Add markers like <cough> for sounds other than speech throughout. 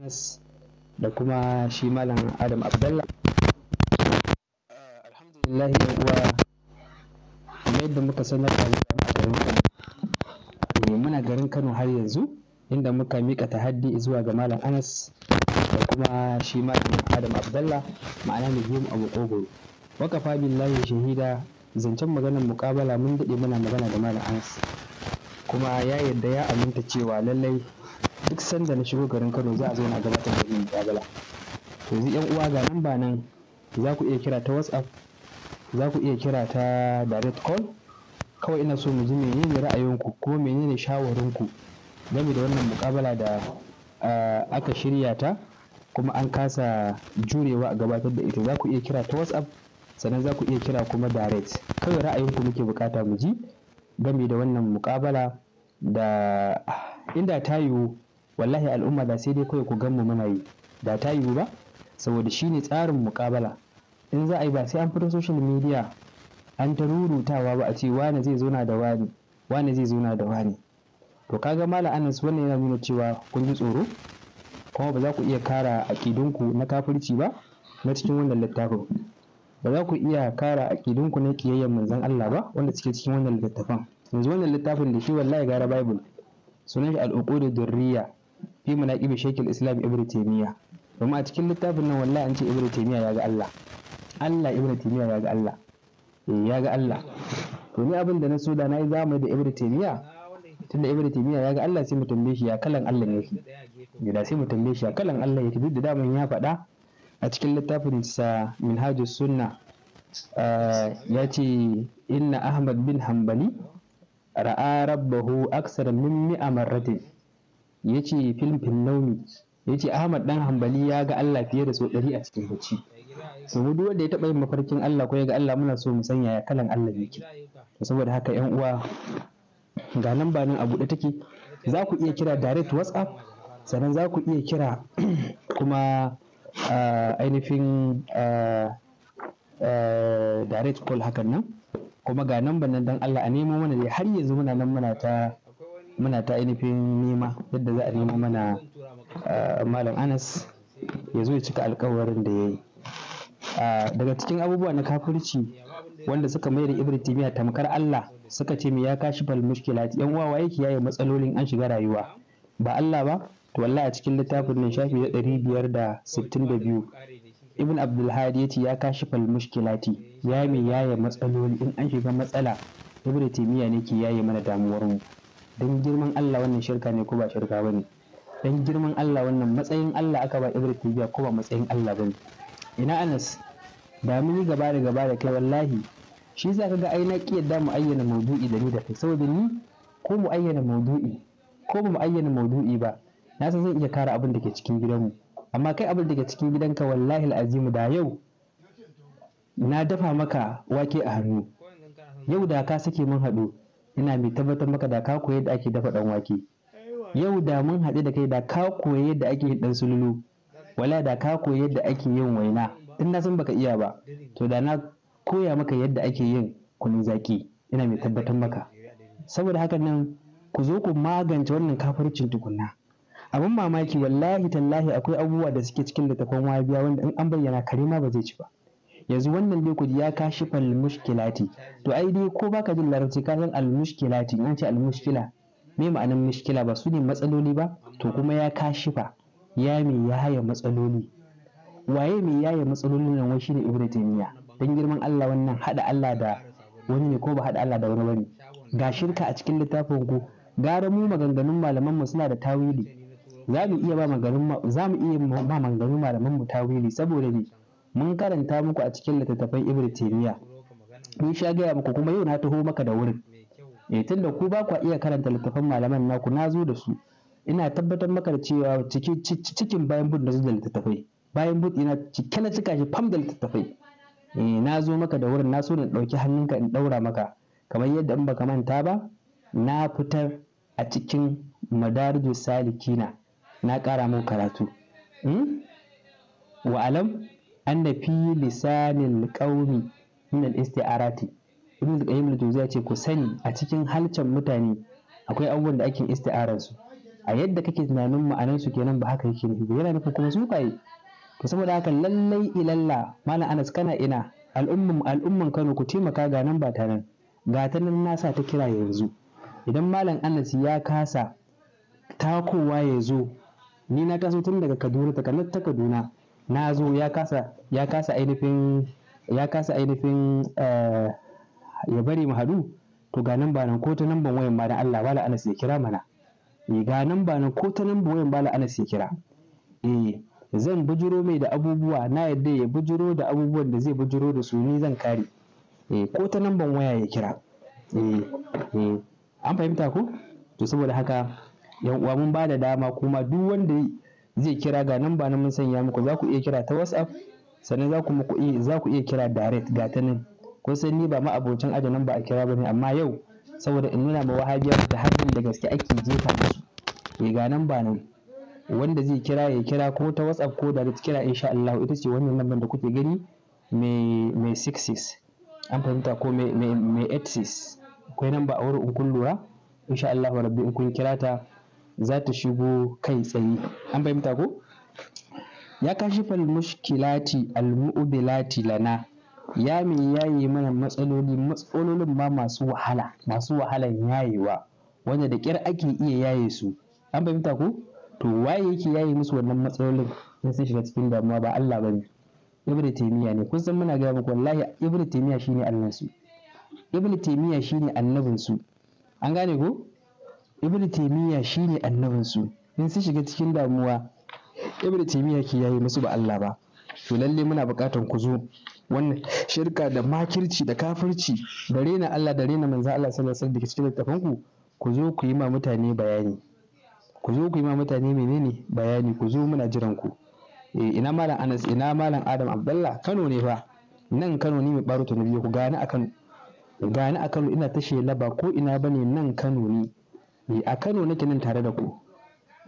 Anas da kuma shi Malam Adam Abdullah. Alhamdulillah yan uwa kamar yadda muka sanar da garin Kano. Eh, muna garin Kano har yanzu inda muka mika tahaddi zuwa ga Malam Anas da kuma shi Malam Adam Abdullah ma'ana mu biyu abu Waka Wakafa billahi shahida zancen maganar muƙabala mun daɗe muna magana da Malam Anas. kuma ya yarda ya aminta cewa lallai duk sanda na shigo garin kano za a zo na gabatar da wannan mukabala to yanzu yan uwa ga nan ba nan za ku iya kira ta whatsapp za ku iya kira ta direct call kawai ina so mu ji menene ra'ayinku ko menene shawarinku game da wannan mukabala da aka shirya ta kuma an kasa jurewa a gabatar da ita za ku iya kira ta whatsapp sannan za ku iya kira kuma direct kawai ra'ayinku muke bukata mu ji game da wannan mukabala da inda ta yiwu wallahi al'umma da sai dai kawai ku gan mu muna yi da ta yiwu ba saboda shi ne tsarin muƙabala in za a yi ba sai an fito social media an ta rurutawa ba a ce wane zai zauna da wani wane zai zauna da wane to kaga malam anas wannan yana nuna cewa kun ji tsoro kuma ba za ku iya kara aƙidunku na kafirci ba na cikin wannan littafin ba za ku iya kara aƙidunku na kiyayyen manzon Allah ba wanda suke cikin wannan littafin yanzu wannan littafin da shi wallahi gara bible sunan shi al durriya fi munaqibi shaykhul islam ibnu taymiya domin a cikin littafin nan wallahi an ce ibnu taimiya ya ga Allah Allah ibnu taimiya ya ga Allah eh ya ga Allah to ni abin da na so da nayi zamani da ibnu taimiya tunda ibnu taymiya ya ga Allah sai mu tambaye shi ya kalan Allah yake gida sai mu tambaye shi ya kalan Allah yake duk da daman ya faɗa a cikin littafin sa minhajus sunna eh ya ce inna ahmad bin hanbali ra'a rabbahu aksara min mi'a marratin ya ce fil filnauni ya ce ahmad dan hambali ya ga allah fiye da sau ɗari a cikin bacci saboda duk wanda ya taɓa yin mafarkin allah ko ya ga allah muna so mu sanya ya kalan allah yake saboda haka yan uwa ga ba nan a buɗe take za ku iya kira direct whatsapp sannan za ku iya kira <clears throat> kuma ainihin direct call hakan nan kuma ga nan nan dan Allah a nemo mana dai har yanzu muna nan muna ta muna ta ainihin nema yadda za a nemo mana eh, malam anas ya zo ya cika alkawarin da ya yi ah, daga cikin abubuwa na kafirci wanda suka mayar da timiya tamkar allah suka ce mai ya kashi fal yan uwa yake ki yaye matsalolin an shiga rayuwa ba allah ba to wallahi a cikin littafin nan shafi na ɗari biyar da sittin da biyu ibn abdulhadi ya ce ya kashi bal mushkila ya mai matsaloli in an shiga matsala Ibrahim timiya ne ke yaye mana damuwar mu Don girman Allah wannan shirka ne ko ba shirka bane Don girman Allah wannan matsayin Allah aka ba ibrahim Taymiyyah ko ba matsayin Allah bane ina Anas da mun yi gaba da gaba da kai wallahi shi zaka ka ai na kiyar yadda mu ayyana maudu'i da ni da kai saboda ni ko mu ayyana maudu'i ko ba mu ayyana maudu'i ba na san zan iya kare abin da ke cikin gidanmu amma kai abin da ke cikin gidanka wallahi alazim da yau na dafa maka wake a hannu yau da ka sake mun haɗu ina mai tabbatar maka da ka koyi yadda ake dafa dan wake yau da mun haɗu da kai da ka koyi yadda ake yin dan sululu wala da ka koyi yadda ake yin waina in na san baka iya ba to da na koya maka yadda ake yin kunun zaki ina mai tabbatar maka saboda haka nan ku zo ku magance wannan kafircin tukunna abin mamaki wallahi tallahi akwai abubuwa da suke cikin littafin wahabiya wanda in an bayyana kare ma ba zai ci ba yanzu wannan dai kudi ya kashi fal mushkilati to ai dai ko baka jin larabci ka san al mushkilati in ce al mushkila me ma'anar mushkila ba su ne matsaloli ba to kuma ya kashi fa ya me ya haya matsaloli waye me ya haya matsalolin nan wai shine ibnu taymiya dan girman Allah wannan hada Allah da wani ne ko ba hada Allah da wani bane ga shirka a cikin littafin ku gara mu maganganun malaman mu suna da tawili za mu iya ba maganganun za mu iya ba maganganun malaman mu tawili saboda ne mun karanta muku a cikin littattafan ibri taymiya mun sha gaya muku kuma yau na taho maka da wurin eh tunda ku ba ku iya karanta littattafan malaman naku na zo da su ina tabbatar maka da cewa cikin cikin bayan bud na zo da littattafai bayan bud ina cike na cika shi fam da littattafai eh na zo maka da wurin na so na dauki hannunka in ɗaura maka kamar yadda in baka manta ba na fitar a cikin madarijo salikina na ƙara mun karatu hmm? wa'alam anna fi lisanil qaumi min al isti'arati ibn qayyim al ce ku sani a cikin halcin mutane akwai abubuwan da ake isti'arar a yadda kake tunanin ma'anar su kenan ba haka yake nufi yana nufin kuma su faye to saboda haka lallai ilalla malam Anas kana ina al'umman al'umman Kano ku taimaka ga nan ba nan ga ta nan nasa ta kira yanzu idan malam Anas ya kasa takowa ya zo ni na taso tun daga Kaduna ta ta Kaduna na zo ya kasa ya kasa ainihin ya kasa ainihin eh, ya bari mu haɗu to ga nan ba nan ko ta nan ban wayan ba Allah bala Anas ya kira mana eh ga nan ba nan ko ta nan ban wayan bala Anas ya kira eh zan bujiro mai da abubuwa na yadda ya bujiro da abubuwan da zai bujiro da su ni zan kare eh ko ta nan ban waya ya kira eh eh an fahimta ko to saboda haka yan uwa mun ba da dama kuma duk wanda zai kira ga nan ba na mun sanya muku za ku iya kira ta whatsapp sannan za ku iya kira direct ga ta nan kun san ni ba ma abocin aji nan ba a kira bane amma yau saboda in nuna ma wahabiya da harbin da gaske ake jefa musu ya eh, ga nan ba nan wanda zai kira ya kira ko ta whatsapp ko direct kira insha Allah ita ce wannan lambar da kuke gani mai mai sixes an fahimta ko mai mai 86 akwai namba a wurin in kun lura insha Allah rabbi in kun kira ta za ta shigo kai tsaye an fahimta ko ya kashifal mushkilati almu'bilati lana ya mai yaye mana matsaloli matsalolin ma masu wahala masu wahalan yayewa wanda da ƙyar ake iya yaye su an fahimta ko to waye yake yaye musu wannan matsalolin sai sun shiga cikin damuwa ba Allah bane ibnu taymiya ne kun san muna ga muku wallahi ibnu taymiya shine annabinsu su ibnu taymiya shine annabinsu. an gane ko ibn taymiya shine annabin su in sun shiga cikin damuwa ibn taymiya ke yayi musu ba Allah ba to lalle muna buƙatar ku zo wannan shirka da makirci da kafirci da rena Allah da rena manzo Allah sallallahu alaihi wasallam da cikin littafin ku ku zo ku yi ma mutane bayani ku zo ku yi ma mutane menene bayani ku zo muna jiran ku eh, ina malam Anas ina malam Adam Abdullah Kano ne fa nan Kano ne mai baro ta nabi ku gane akan gani akan ina ta laba ko ina bane nan Kano ne ni eh, a Kano nake nan tare da ku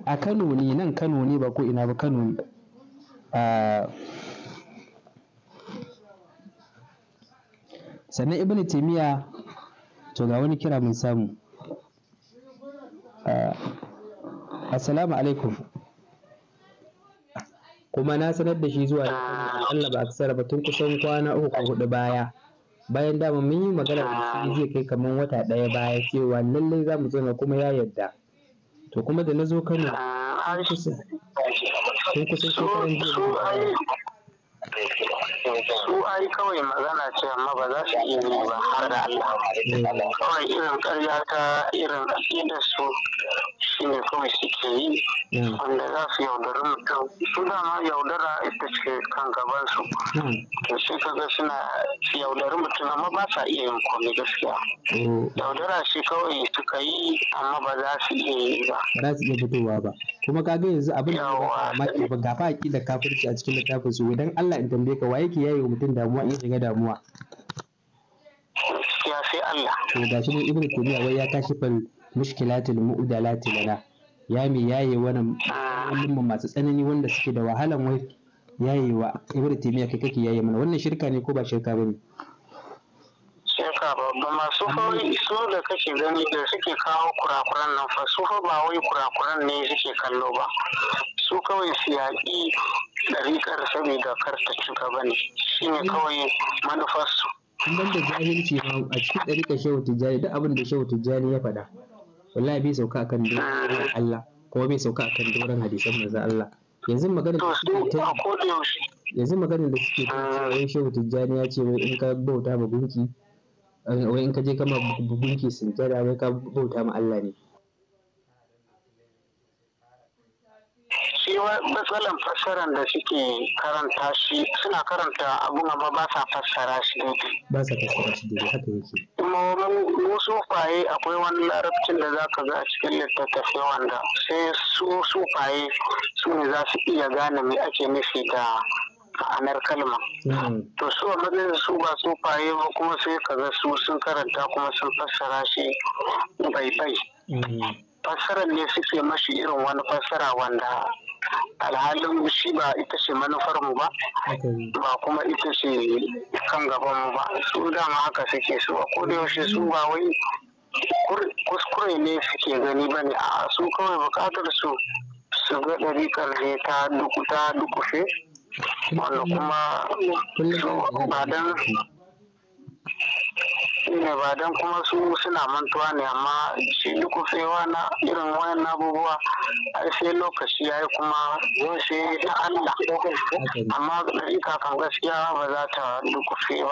a Kano ne nan Kano ne ba ko ina ba Kano ne sannan Ibn taimiya to ga wani kira mun samu assalamu alaikum kuma na sanar da shi zuwa Allah ba a ba tun kusan kwana uku ko hudu baya bayan dama mun yi magana da zai kai kamar wata ɗaya baya cewa lallai za mu zauna kuma ya yarda to kuma da na zo kano kun ah, kusan jiya su kawai magana ce amma ba za su iya yi ba har da Allah eh. kawai irin karya ta irin da su shi ne kawai suke yi wanda za su yaudari mutum su dama yaudara ita ce kan gaban su to shi kaga suna yaudari mutum amma ba sa iya yin komai gaskiya yaudara shi kawai suka yi amma ba za su iya yi ba ba za su iya fitowa ba kuma kaga yanzu abin da ba maki ba gafa akida kafirci a cikin littafin su idan Allah in tambaye ka waye ke yayi mutum damuwa in shiga damuwa gaskiya sai Allah to gashi ne ibnu taymiya wai ya kashi fal mushkilatil mu'dalati lana ya mi yaye wannan mu masu tsanani wanda suke da wahalan wai yaye wa ibnu taymiya kai kake yaye mana wannan shirka ne ko ba shirka bane shirka ba masu fawai su da kake gani da suke kawo kurakuran nan fa su fa ba wai kurakuran ne suke kallo ba su kawai su yaƙi ɗariƙar saboda kar ta ci shi ne shine kawai manufarsu. Kun da jahilci ma a cikin ɗariƙar shehu tijjani duk abin da shehu tijjani ya faɗa. wallahi bai sauka akan doron Allah kuma bai sauka akan doron hadisan manzon Allah yanzu magana da suke ta yanzu magana da suke ta wai shehu tijjani ya ce wai in ka bauta ma gunki wai in ka je kama gunki sujjada wai ka bauta ma Allah ne shi matsalan fassaran da suke karanta shi suna karanta abun amma ba sa fassara shi daidai ba sa fassara shi daidai haka yake kuma su sufaye akwai wani larabcin da za ka ga a cikin littattafai wanda sai su sufaye su ne za su iya gane mai ake nufi da ma'anar kalma. Hmm. To su a su ba sufaye ba kuma sai ka ga su sun karanta kuma sun fassara shi baibai bai. Hmm. Fassarar ne suke mashi irin wani fassara wanda alhalin shi ba ita ce manufar mu ba ba kuma ita ce kan gaban mu ba su dama haka suke su ba ko da yaushe su ba wai kuskure ne suke gani ba ne a su kawai bukatar su su ga ɗari ne ta dukuta dukufe wanda kuma ba shine ba dan kuma su suna mantuwa ne amma shi kufewa na irin wayan abubuwa ai sai lokaci yi kuma yau sai ta Allah amma ɗarika kakan gaskiya ba za ta lukufe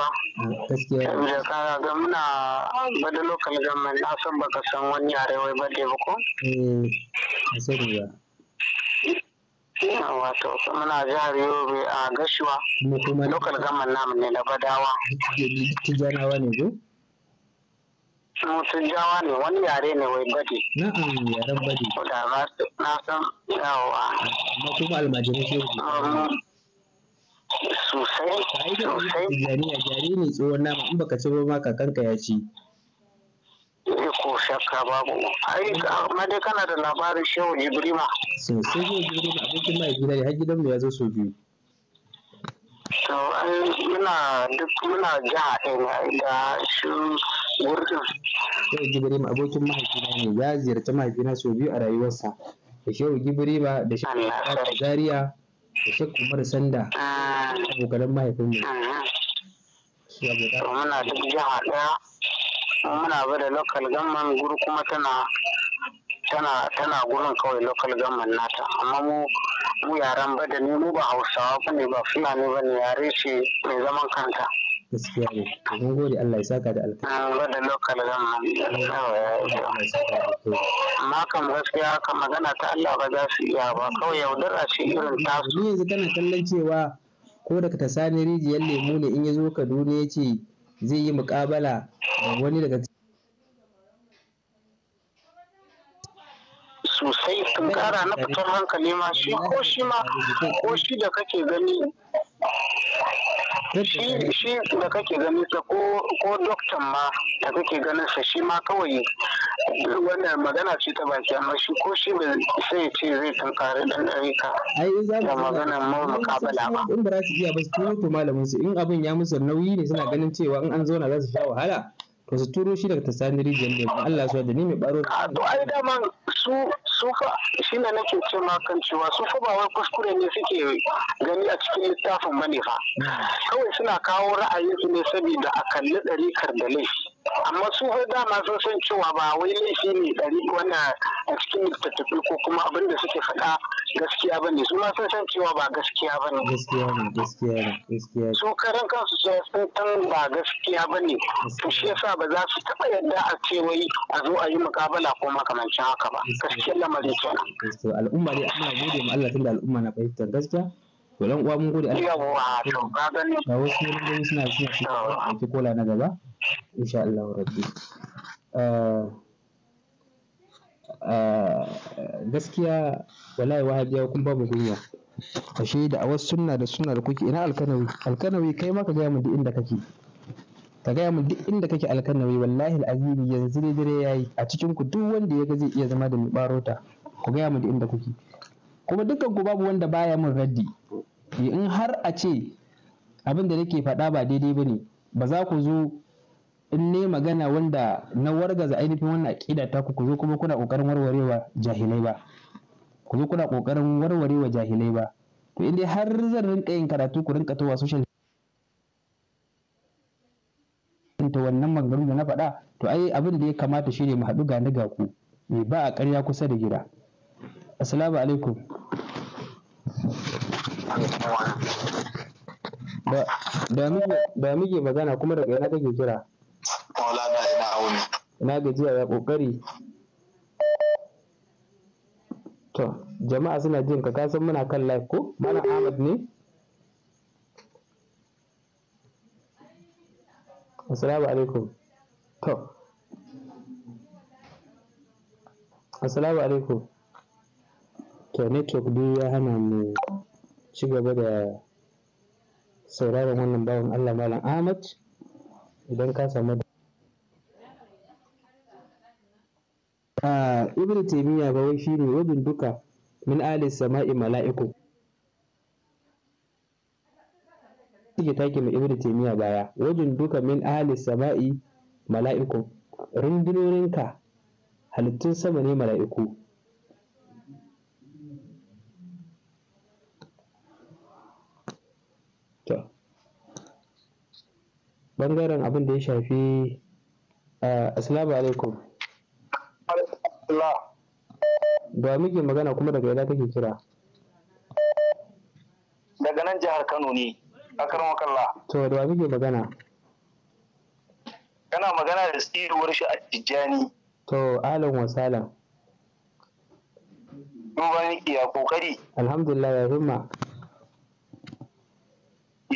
ba da kara ga muna bada lokal gamman na san baka san wani yare wai ba da ba ko eh, wato muna jihar yobe a gashiwa lokal gamman namu ne na badawa tijanawa ne sun jawa ne wani yare ne wai bade. Na'am yaren bade. Da na san yawa. Amma kuma almajirai wuce. Sosai. Sosai. Jariya jari ne tsohon nama in baka ci ba ma kakanka ya ci. Eh, ko shakka babu ai amma dai kana da labarin shehu jibrima sosai shehu jibrima abokin mai gida ne har gidan mu ya zo sau biyu to muna duk muna jiha ɗaya da shi Shehu Gibrima abokin mahaifina ne ya ziyarci mahaifina sau biyu a rayuwarsa. Da Shehu Gibrima da Shehu Zaria da Shehu Umar Sanda ah. abokanan mahaifinmu. Muna duk jiha ɗaya muna ba da local government guru kuma tana tana tana gurin kawai local government nata amma mu mu yaran ba da ne mu ba hausawa ba ne ba fulani ba ne yare ce mai zaman kanta. gaskiya ne mun gode Allah ya saka da alkhairi wannan lokacin da Allah ya amma kan gaskiya kan magana ta Allah ba za su iya ba kawai yaudara shi irin tasu. su yanzu kana kallon cewa ko daga ta sani rijiyar lemu ne in ya zo Kaduna ya ce zai yi muƙabala da wani daga sosai sun kara na fitar hankali ma shi ko shi ma ko shi da kake gani shi da kake ganin sa ko doktan ma da kake ganin sa shi ma kawai wannan magana ce ta baki amma shi ko shi ba sai ce zai tunkari dan ɗarika ai in za magana mu mukabala ba in ba za su iya ba su to malamin su in abin ya musu nauyi ne suna ganin cewa in an zauna za su sha wahala ba su turo shi daga tasani region ne ba Allah suwa da ni mai baro ah, to ai man su su fa shi ne nake ce ma kan cewa su fa ba wai kuskure ne suke gani a cikin littafin bane fa hmm. kawai suna kawo ra'ayinsu ne saboda a kalli ɗarikar da laifi amma su har dama sun san cewa ba wai laifi ne ɗari wannan a cikin littattafi ko kuma abin da suke faɗa gaskiya ba ne su ma sun san cewa ba gaskiya ba ne gaskiya ne gaskiya ne gaskiya su karan kansu su san ba gaskiya ba ne to shi yasa ba za su taɓa yadda a ce wai a zo a yi mukabala ko makamancin haka ba gaskiya lamarin kenan al'umma dai ana gode ma Allah tunda al'umma na bayyana gaskiya to dan uwa mun gode Allah to ka gani shawo shi ne suna suna shi ki kola na gaba insha Allah rabbi ah, ah, gaskiya wallahi wahabiya kun ba mu kunya ashe da awas sunna da sunna da kuke ina alkanawi alkanawi kai ma ka gaya mu duk inda kake ka gaya mu duk inda kake alkanawi wallahi alazimi yanzu ne dare yayi a cikin ku duk wanda ya ga zai iya zama da mai barota ku gaya mu duk inda kuke kuma dukkan ku babu wanda baya min raddi in har a ce abin da nake faɗa ba daidai ba ne ba za ku zo in ne magana wanda na wargaza ainihin wannan aƙida ta ku zo kuma kuna ƙoƙarin warwarewa jahilai ba ku zo kuna ƙoƙarin warwarewa jahilai ba to in dai har zan rinka yin karatu ku rinka towa social ta wannan maganganun da na faɗa to ai abin da ya kamata shine mu haɗu ga ni ga ku ba a ƙarya kusa da gida assalamu alaikum da muke magana kuma daga ina kake kira maulana ina auni ina gajiya ya kokari to jama'a suna jin ka kasan muna kan live ko malam ahmad ne assalamu alaikum to assalamu alaikum to network dai ya hana mu ci gaba da sauraron wannan bawan Allah Malam Ahmad idan ka samu a ibn taymiya ba wai shine wajin duka min alis sama'i mala'iku suke take mai ibn taymiya baya wajin duka min alis sama'i mala'iku rundunorinka halittun sama ne mala'iku To, ɓangaren abin da ya shafi eh, Assalamu alaikum. Ba muke magana kuma daga ina kake kira? Daga nan jihar Kano ne, a Karmakalla. To, da muke magana? Kana magana da tsiruwar shi a Tijjani. To, Alan wasalan. Duba nake ya kokari. Alhamdulillah ya himma.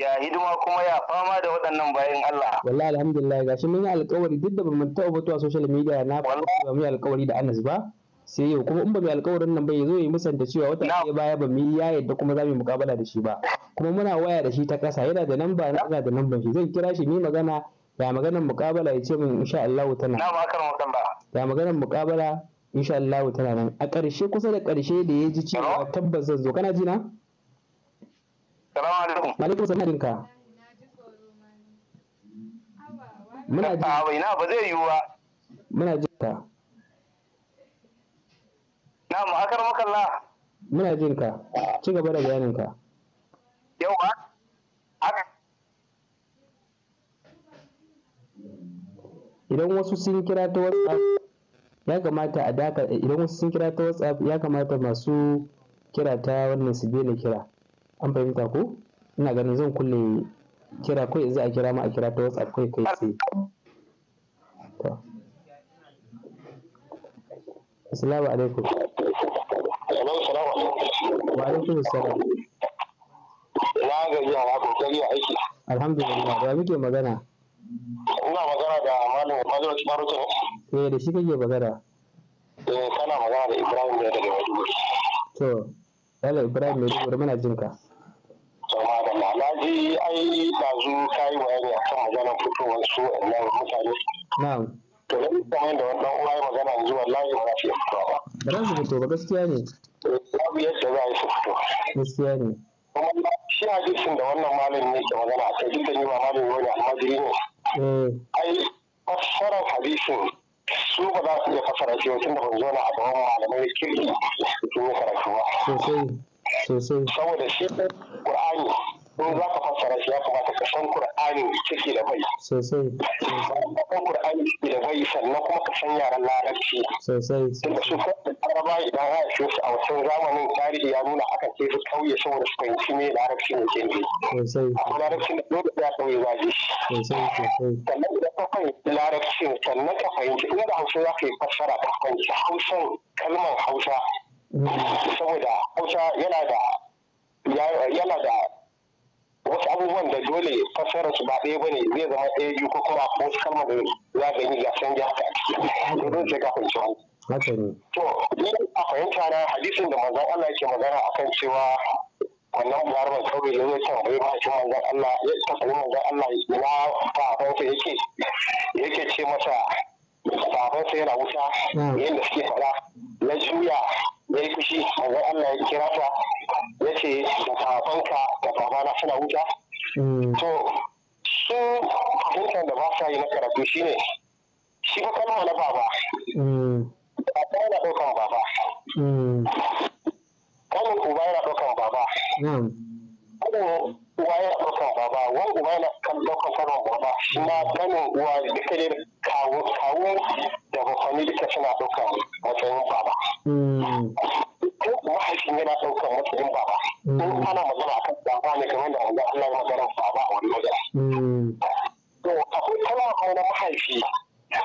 ya hidima kuma ya fama da waɗannan bayan Allah. Wallahi alhamdulillah shi mun yi alƙawari duk da bamu taɓa fitowa social media na ba mu yi alƙawari da Anas ba. sai yau kuma in ba mu alkawarin nan ba ya zo ya musanta cewa wata ɗaya baya ba mu ya yadda kuma za mu yi mukabala da shi ba kuma muna waya da shi ta ƙasa yana da namba na da namban shi zan kira shi ni magana ya maganar mukabala ya ce min insha Allah tana ya maganar mukabala insha Allah tana nan a ƙarshe kusa da ƙarshe da ya ji cewa tabbas zan zo kana ji na Salamu alaikum. Alaikum salam ka. Muna ji. Abai na ba zai yiwu ba. Muna ji ka. Na mu akar makalla. Muna jin ka. Ci gaba da bayaninka. Yau ba, Haka. Idan wasu sun kira ta WhatsApp ya kamata a daka idan wasu sun kira ta WhatsApp ya kamata masu kira ta wannan su daina kira. an fahimta ko ina ganin zan kulle kira kawai za a kira ma a kira ta whatsapp kai kai to assalamu alaikum wa alaikum assalam na gaji a kokari a aiki alhamdulillah da muke magana ina magana da malam mazuwa kibarutu ne eh da shi kake magana eh kana magana da ibrahim ne daga wajen to yalla ibrahim maiduguri muna jin ka kai ɗazu ka yi bayani a kan maganar fitowar su wannan mutane. Na'am. To na ɗin kamar da wannan uwa ya magana yanzu wallahi ba za su iya fitowa ba. Ba za su fito ba gaskiya ne. Babu yadda za a yi su fito. Gaskiya ne. Kuma shi hadisin da wannan malami ne ke magana a kai duk da ni ba malami wani almajiri ne. Eh. Ai fassarar hadisin su ba za su iya fassara shi tun da ban zo na a gaban malamai kirki su yi karatu ba. Sosai. Sosai. Saboda shi Qur'ani in za ka fassara shi ya kamata ka san Qur'ani ciki da bai sosai ka san Qur'ani ciki da bai sannan kuma ka san yaran larabci sosai tunda su Araba idan ya ishe su a wasu zamanin tarihi ya nuna aka ce su kauye saboda su fahimci ne larabci ne ke ne sosai akwai larabci da dole ya kauye ba ji sosai sosai sannan idan ka fahimci larabcin sannan ka fahimci inda da hausa za ka yi fassara ka fahimci hausan kalmar hausa mm. saboda hausa yana da yana da wasu abubuwan da dole fassara su ba ɗaya bane zai zama ɗaya biyu ko kuma wasu kalmar da za ka yi gasan ya haka to dole sai ka fahimci wani. Haka ne. To, ni a fahimta na hadisin da manzon Allah yake magana akan cewa wannan larabar kawai da zai tambayi mahaifin manzon Allah ya tafi manzon Allah ya babansa yake yake ce masa babansa yana wuta hmm. yadda suke fara na juya ya yi fushi manzo Allah ya kira ta ya ce da sahabanka da babana suna wuta mm. to su fahimtar da ba sa yi na karatu ne shi ba kalma na baba mm. ba ta yana ɗaukan baba mm. kalmar uba yana ɗaukan baba yana daukan baba wani uba yana kan daukan saman baba shi ma ganin uwa duka ne kawo kawo da bafani duka suna daukan matsayin baba mm. ko mahaifin yana daukan matsayin baba in mm. ana magana akan baba ne kamar da wanda Allah ya magana baba a wani mm. to akwai kalma na mahaifi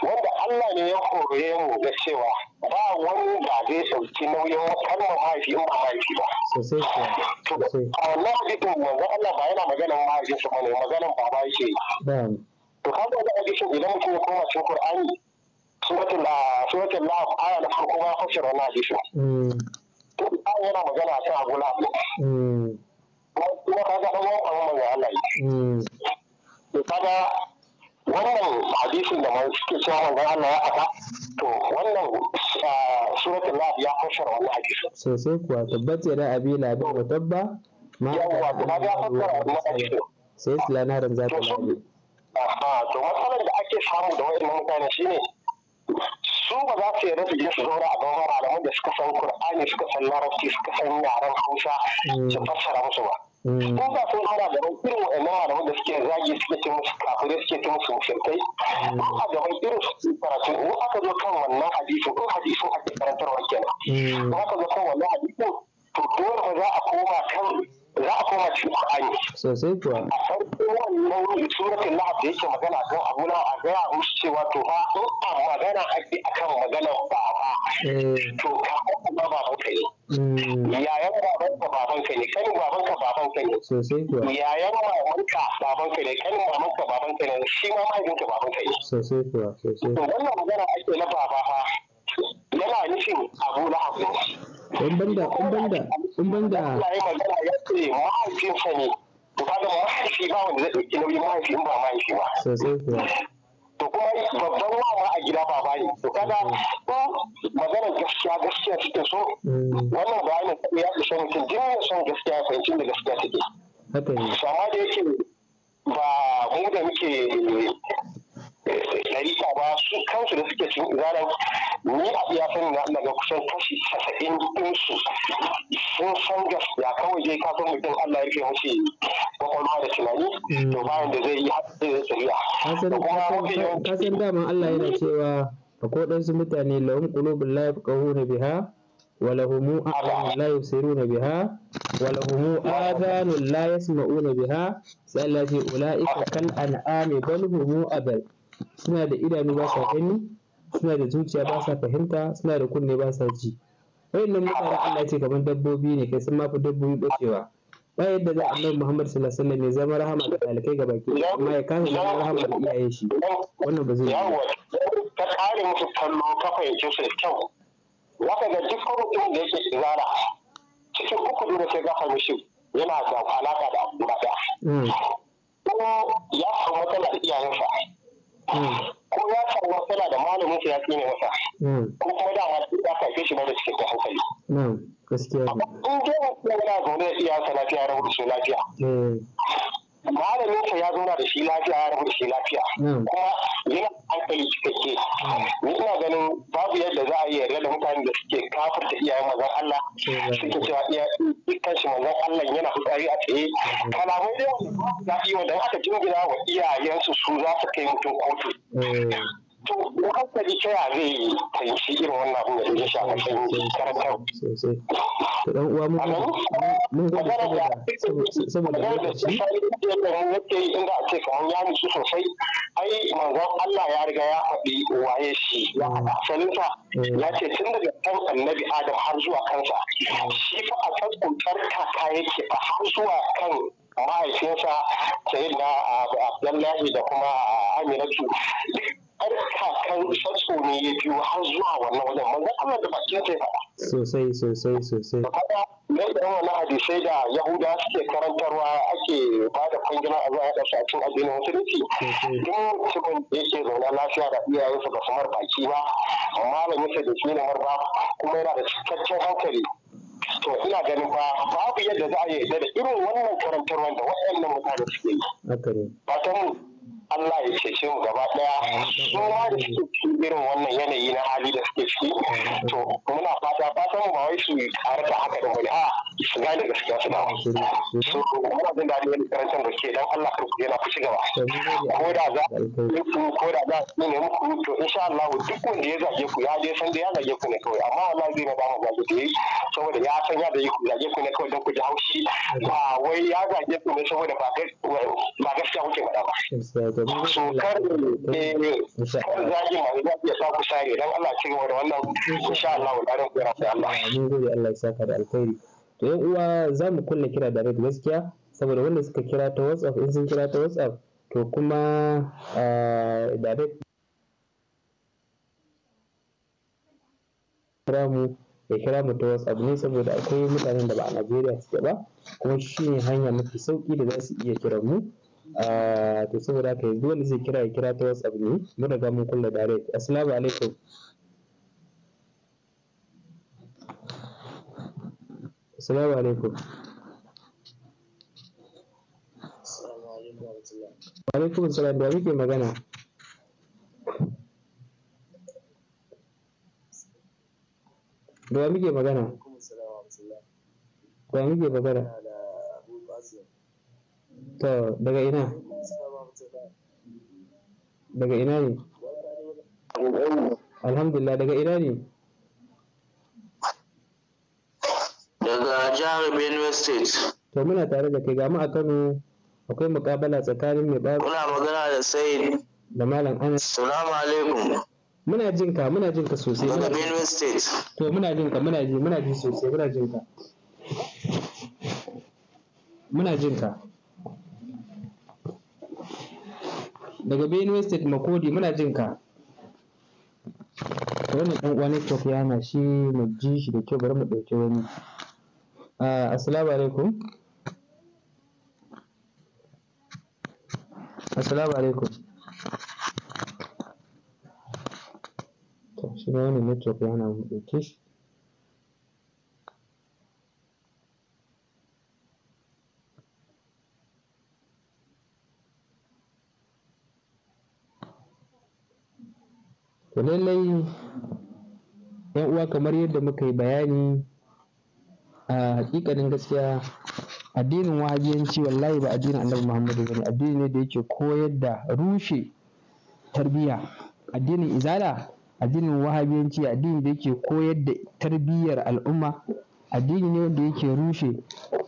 wanda Allah ne ya kore mu da cewa ba wani da zai sauki nauyin kalmar mahaifi in ba mahaifi ba wallahi dito manzo Allah ba yana magana su bane maganan baba yake to kaga wannan hadisin idan mutum ya koma cikin Qur'ani suratul ah, suratul Lahab aya na farko ma fassara wannan hadisin mm. sai kuwa tabbat yada abi labin wa tabba ma sai su lanarin za ta labe. to matsalar da ake samu da wa'in mutane shine su ba za su yarda su je su zauna a gaban malaman da suka san Kur'ani suka san Larabci suka san yaren Hausa su hmm. fassara musu ba. Mm. ko ba sun hana gaban irin wa'annan malaman da suke zagi suke ce musu kafirai suke ce musu mushrikai mm. ko a gaban irin su karatu ko aka zo kan wannan hadisin ko hadisin ake karantarwa kenan ko mm. aka zo kan wannan hadisin to dole fa za a koma kan za a koma cikin Qur'ani sosai kuwa a farko wannan suratul na da yake magana kan abu na a gaya musu cewa to fa in a magana ake kan magana eh. ba. to ka kuma ba ka ne hmm. yayan baban ka baban ka ne kanin baban ka baban ka ne sosai kuwa yayan maman ka baban ka ne kanin maman ka baban ka ne shi ma mahaifin ka baban ka ne sosai kuwa sosai to wannan magana ake na baba ba. yana nufin abu na abu in banda in banda in banda mahaifin mahaifinsa ne to kaga mahaifi ba wanda zai ɗauki nauyin mahaifi in ba mahaifi ba to kuma babban wawa a gida baba ne to kaga ko magana gaskiya gaskiya cikin so mm. wannan bayanin ya isa mutum duk mai son gaskiya ya fahimci da gaskiya take sama da yake ba mu da muke ɗarika ba su kansu da suke cikin izalar ni a iya sani na Allah ga kusan kashi casa'in ɗinsu sun san gaskiya kawai dai ka san mutum Allah ya kai mashi kwakwalwa da tunani to bayan da zai yi haɗe da tsariya. Ka san daman Allah yana cewa akwai ɗansu mutane lahum qulubul la yafqahuna biha ولهم أعين لا يبصرون بها ولهم آذان لا يسمعون بها سألت أولئك كالأنعام بل هم أبل suna da idanu ba sa gani suna da zuciya ba sa fahimta suna da kunne ba sa ji wayannan mutane Allah ce kamar dabbobi ne kai sun ma fi dabbobi bacewa ba yadda za annabi Muhammad sallallahu alaihi wasallam ya zama rahama ga dalikai baki amma ya kasa zama rahama ga iyayen shi wannan ba zai yi ka tsare musu kallo ka fahimce su kyau zaka ga duk mutum da yake tsara cikin uku da sai ga fahimci yana da alaka da abu da. Hmm. ya samu matsalar iyayensa Hmm. ko ya samu matsala da malamin sa ya tsine masa ko hmm. kuma da ma ya kake shi ba da cikin hankali hmm. gaskiya in dai mutum zaune ya iya sa ya rabu su lafiya malamin sa ya zauna da shi lafiya ya rabu da shi lafiya hmm. kuma yana hankali cikakke ni ina ganin babu yadda za a yi yarda da mutane da suke kafirta iyayen mazan Allah hmm. suke cewa iya dukkan shi mazan Allah yana fitsari a tsaye hmm. kalamai da yawa dan aka jingina wa iyayensu su za su kai mutum kotu to hankali ta ya zai yi ta yi shi irin wannan abin da ya shafa shi karantar sosai to dan uwa mun mun gode saboda saboda lokaci yake inda a ce kamar ya mutu sosai ai manzon Allah ya riga ya faɗi waye shi salinta eh. ya ce tun daga kan annabi Adam har zuwa kansa shi fa a kan kuntar kaka yake fa har zuwa kan mahaifinsa sayyidina ah, Abdullahi da kuma ah, Aminatu duk tsarkakan shatso ne ya biyo har zuwa wannan wajen manzon Allah da bakin sai faɗa. Sosai sosai sosai. Da kaga yadda yawan hadisai da Yahuda suke karantarwa ake ba da kwangila a zuwa ɗansa a cikin addinin Musulunci. Duk mutumin da yake zauna lafiya da iyayensa ba su mar baki ba malamin sa da shi ne mar ba kuma yana da cikakken hankali to ina ganin ba babu yadda za a yi da irin wannan karantarwa da waɗannan mutane suke yi. Fatan Allah ya cece mu gaba daya su ma da suke cikin irin wannan yanayi na hali da suke ciki to muna fata fatan ba wai su tare da haka da wani a su gane gaskiya su dawo so muna da daɗi wani karancin da ke dan Allah ka ku yana ku ci gaba ko da za ku ko da za ku ne mu to insha Allah duk wanda ya zage ku ya je san da ya zage ku ne kawai amma wallahi zai na ba mu zage ku eh, saboda ya san ya da ku zage ku ne kawai don ku ji haushi ba wai ya zage ku ne saboda ba gaskiya kuke faɗa ba wato kar kar zagi mai zagi ya sa ku sare dan Allah ci gaba da wannan insha Allah wa daren ku rafi Allah mun gode Allah ya saka da alkhairi to yan uwa za mu kunna kira da red gaskiya saboda wanda suka kira ta WhatsApp in sun kira ta WhatsApp to kuma eh, da red kira mu ya kira mu ta WhatsApp ne saboda akwai mutanen da ba a Najeriya suke ba kuma shi ne hanya mafi sauki da za su iya kiran mu Ah, to saboda haka yanzu wanda zai kira ya kira ta whatsapp ne mun riga mun kulla direct assalamu alaikum assalamu alaikum wa alaikum assalam da muke magana da muke magana da muke magana to daga ina daga ina ne alhamdulillah daga ina ne daga jihar benue state to muna tare da kai ga a kano akwai mukabala tsakanin mai babu muna magana da sai da malam anas salamu alaikum muna jinka, muna jinka sosai daga benue state to muna jinka, muna ji muna ji sosai muna jinka. muna jinka daga benue state makodi muna jin ka wani dan uwa network ya na shi mu ji shi da kyau bari mu ɗauki wani ah, assalamu alaikum assalamu alaikum to shi ma wannan network ya na mu ɗauke shi To lallai ‘yan uwa kamar yadda muka yi bayani a haƙiƙanin gaskiya addinin wahabiyanci wallahi ba addinin annabi Muhammadu bane addini ne da yake koyar da rushe tarbiyya addinin izala addinin wahabiyanci addini da yake koyar da tarbiyyar al'umma addini ne wanda yake rushe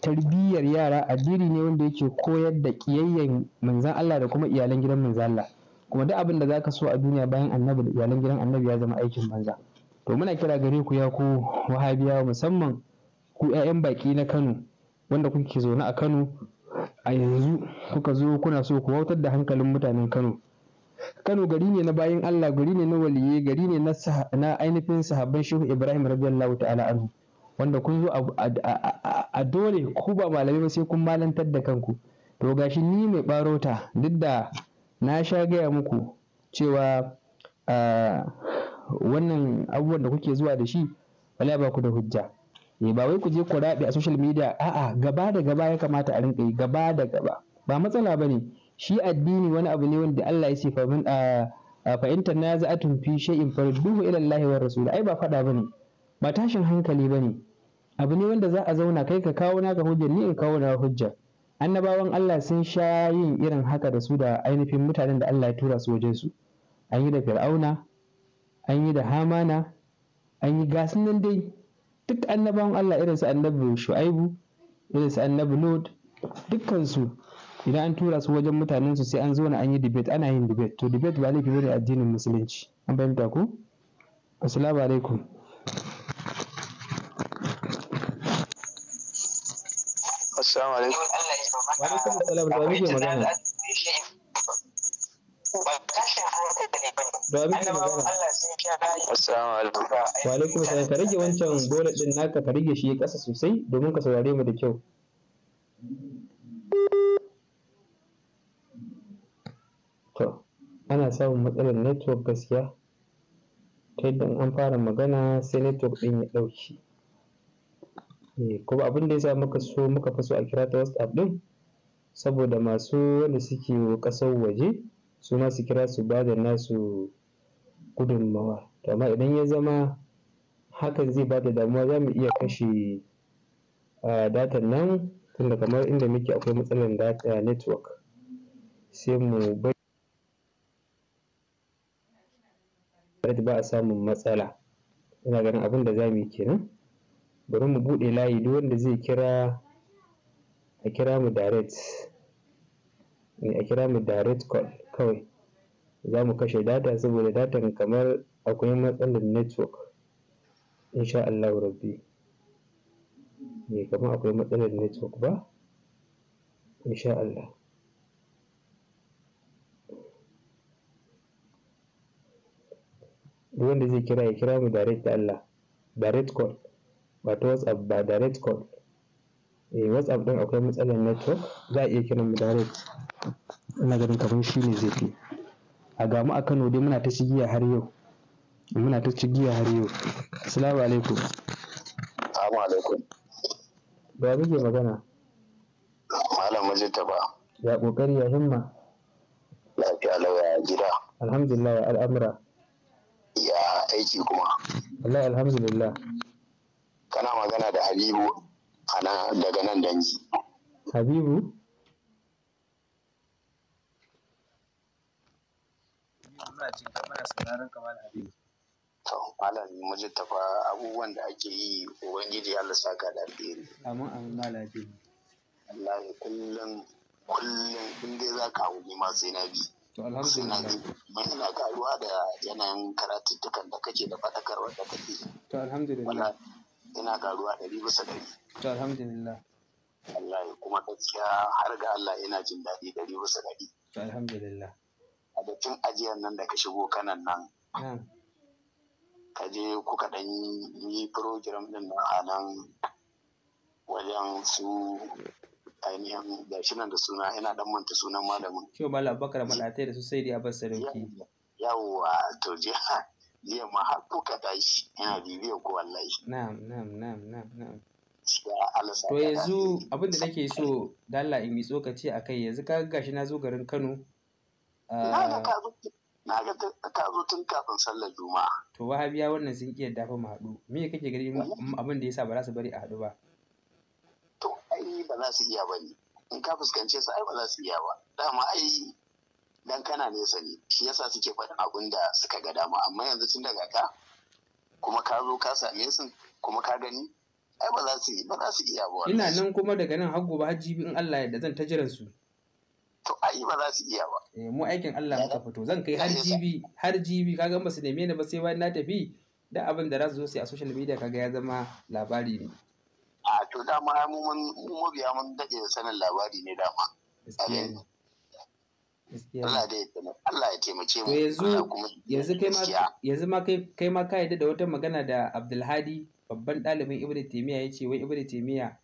tarbiyyar yara addini ne wanda yake koyar da ƙiyayyen manzan Allah da kuma iyalan gidan manzan Allah kuma duk abin da za ka so a duniya bayan annabi da iyalan gidan annabi ya zama aikin banza to muna kira gare ku ya ku wahabiyawa musamman ku 'ya'yan baki na kano wanda kuke zaune a kano a yanzu kuka zo kuna so ku wautar da hankalin mutanen kano kano gari ne na bayan allah gari ne na waliye gari ne na ainihin sahabban shehu ibrahim radiyallahu ta'ala anhu wanda kun zo a dole ku ba malamai ba sai kun malantar da kanku to gashi ni mai barota duk da na sha gaya muku cewa uh, wannan abubuwan da kuke zuwa da shi wala ba ku da hujja eh ba wai ku je ku rabe a social media a'a gaba da gaba ya kamata a rinka yi gaba da gaba ba matsala bane shi addini wani abu ne wanda Allah ya ce fa min fa in tanaza'atun fi shay'in farduhu ila Allah wa rasul ai ba fada bane ba tashin hankali bane abu ne wanda za a zauna kai ka kawo naka hujjar ni in kawo na hujjar. annabawan Allah sun sha yin irin haka da su da ainihin mutanen da Allah ya tura su wajen su an yi da fir'auna an yi da hamana an yi gasin nan dai duk annabawan Allah irin su annabi shu'aibu irin su annabi lod dukkan su idan an tura su wajen mutanen su sai an zo na an yi debate ana yin debate to debate ba laifi bane addinin musulunci an bayyana ku assalamu alaikum Assalamu alaikum. Wa alaikum assalam da Ba magana. Assalamu alaikum. Wa alaikum assalam ka rage wancan bola din naka ka rage shi ƙasa sosai domin ka saurare mu da kyau. To, ana samun matsalar network gaskiya ta yadda an fara magana sai network ɗin ya ɗauki. Eh, kuma abin da sa muka so muka fi so a kira ta WhatsApp ɗin saboda masu wanda suke ƙasar waje su ma su kira su bada nasu gudunmawa to amma idan ya zama hakan zai bada damuwa za mu iya kashe datan nan tunda kamar inda muke akwai matsalar data network sai mu bari ba a samun matsala ina ganin abin da za mu yi kenan bari mu buɗe layi duk wanda zai kira a kira mu direct eh, a kira mu direct call kawai za mu kashe data saboda datan kamar akwai matsalar network insha Allah rabbi ne eh, kamar akwai matsalar network ba insha Allah duk wanda zai kira ya kira mu direct da Allah direct call Wato whatsapp ba direct call eh whatsapp din akwai matsalar network za a iya kiran mu direct ina ganin kamar shi ne zai fi a gamu a kano dai muna ta cigiya har yau muna ta cigiya har yau assalamu alaikum assalamu alaikum ba muke magana malam majid ba ya kokari ya himma lafiya ya gida alhamdulillah ya al'amura ya aiki kuma wallahi alhamdulillah kana magana da habibu ana daga nan dangi habibu malam tafa abubuwan da ake yi ubangiji Allah da alheri amin kullum kullum in za ka ma sai na bi ina karuwa da yanayin karatuttukan da kake da da kake to alhamdulillah ina karuwa ɗari bisa ɗari. To alhamdulillah. Allah kuma gaskiya har ga Allah ina jin daɗi ɗari bisa ɗari. To alhamdulillah. A da ajiyar nan da ka shigo kanan nan. Ka je kuka ɗan yi program ɗin nan a nan wajen su ainihin shi nan da suna ina ɗan manta sunan malamin. Kyau Malam Bakar Malatai da su sai dai bar Sarauki. Yawwa to je. jiya ma har kuka tashi yana bibiya ko wallahi na'am na'am na'am na'am na'am to yanzu abin da nake so dalla in yi tsokaci a kai yanzu ka gashi na zo garin Kano na ga ka ah, zo tun kafin sallar juma'a to wahabiya wannan sun iya dafa mu haɗu me kake gani abin da yasa ba za su bari a haɗu ba to ai ba za su iya bane in ka fuskance su ai ba za su iya ba dama ai dan kana nesa ne shi yasa suke faɗin abin da suka ga dama amma yanzu tun daga ka kuma ka zo ka same su kuma ka gani ai ba za su yi ba za su iya ba ina nan kuma daga nan har gobe har jibi in Allah yadda zan ta jiran su to ai ba za su iya ba eh mu aikin Allah muka fito zan kai har jibi har jibi kaga ba su neme ni ba sai bayan na tafi da abin da za su zo su a social media kaga ya zama labari ne a to dama mu biya mun dade sanin labari ne dama Allah ya taimake mu yanzu kai ma yanzu ma kai ma ka yadda da wata magana da Abdulhadi babban ɗalibin Ibn ya ce wai Ibn Taymiyyah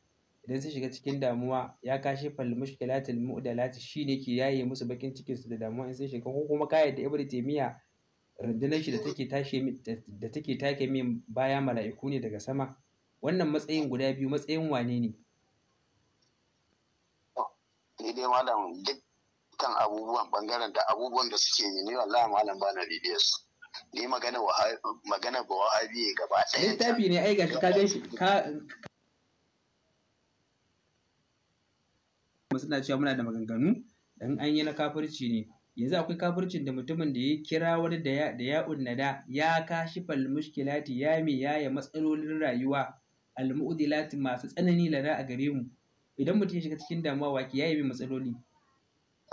idan sun shiga cikin damuwa ya kashe fal mushkilatil mu'dalat shine ke yaye musu bakin cikin su da damuwa in sun shiga ko kuma ka yadda Ibn Taymiyyah rundunar shi da take tashi da take take min baya mala'iku ne daga sama wannan matsayin guda biyu matsayin wane ne dai malam duk kan abubuwan bangaren da abubuwan da suke yi ni wallahi malam bana bibiyar su ni magana magana ba wahabi gaba ɗaya littafi ne ai gashi ka ganshi ka suna cewa muna da maganganu dan an yi na kafirci ne yanzu akwai kafircin da mutumin da ya kira wani da ya da ya unnada ya kashi fal mushkilati ya mi ya matsalolin rayuwa al masu tsanani lana a gare mu idan mutum ya shiga cikin damuwa waki ya yi matsaloli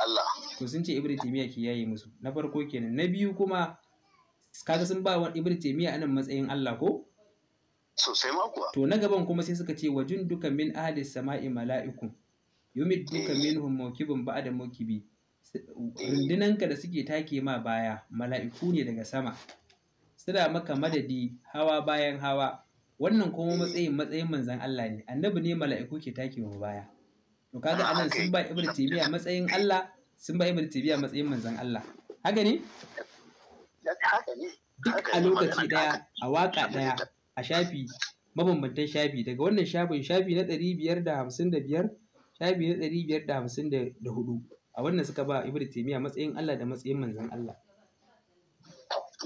Allah to sun ce Ibrahim Taimiyya ke yayi musu na farko kenan na biyu kuma kaga sun ba wa Ibrahim taymiya anan matsayin Allah ko sosai ma kuwa to na gaban kuma sai suka ce wajin duka min ahli sama'i mala'ikum yumid duka eh. minhum mawkibun ba'da mawkibi rundunanka da suke take ma baya mala'iku ne daga sama suna maka madadi hawa bayan hawa wannan kuma eh. matsayin matsayin manzan Allah ne annabi ne mala'iku ke take wa baya to kaga ah, anan sun ba ibnu taymiya matsayin Allah sun ba ibnu taymiya matsayin manzon Allah haka ne duk a lokaci daya a waka daya a shafi mabambantan shafi daga wannan shafin shafi na ɗari biyar da hamsin da biyar shafi na ɗari biyar da hamsin da hudu a wannan suka ba ibnu taymiya matsayin Allah da matsayin manzon Allah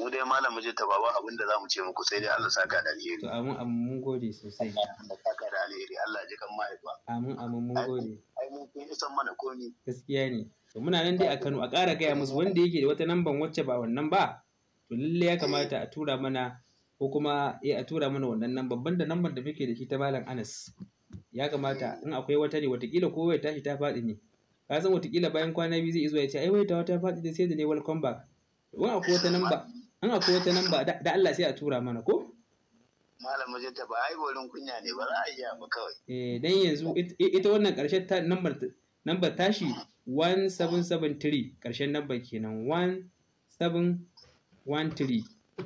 mu dai malam mijinta ta ba abin da za mu ce muku sai dai Allah saka da alheri to amin amin mun gode sosai Allah saka da alheri Allah ji kan mahaifa amin amin mun gode ai mun kun isan mana komi gaskiya ne to muna nan dai a Kano a ƙara gaya musu wanda yake da wata namban wacce ba wannan ba to lalle ya kamata a tura mana ko kuma eh a tura mana wannan namban banda namban da muke da shi ta malam Anas ya kamata in akwai wata ne watakila ko wai tashi ta faɗi ne ka san watakila bayan kwana biyu zai izo ya ce ai wai ta wata faɗi da sai da ne welcome back in akwai wata namba in akwai wata ba da Allah sai a tura mana ko malam mijinta ba ai borin kunya ne ba za a iya ba kawai eh dan yanzu ita wannan karshen ta number number tashi 1773 karshen number kenan 1713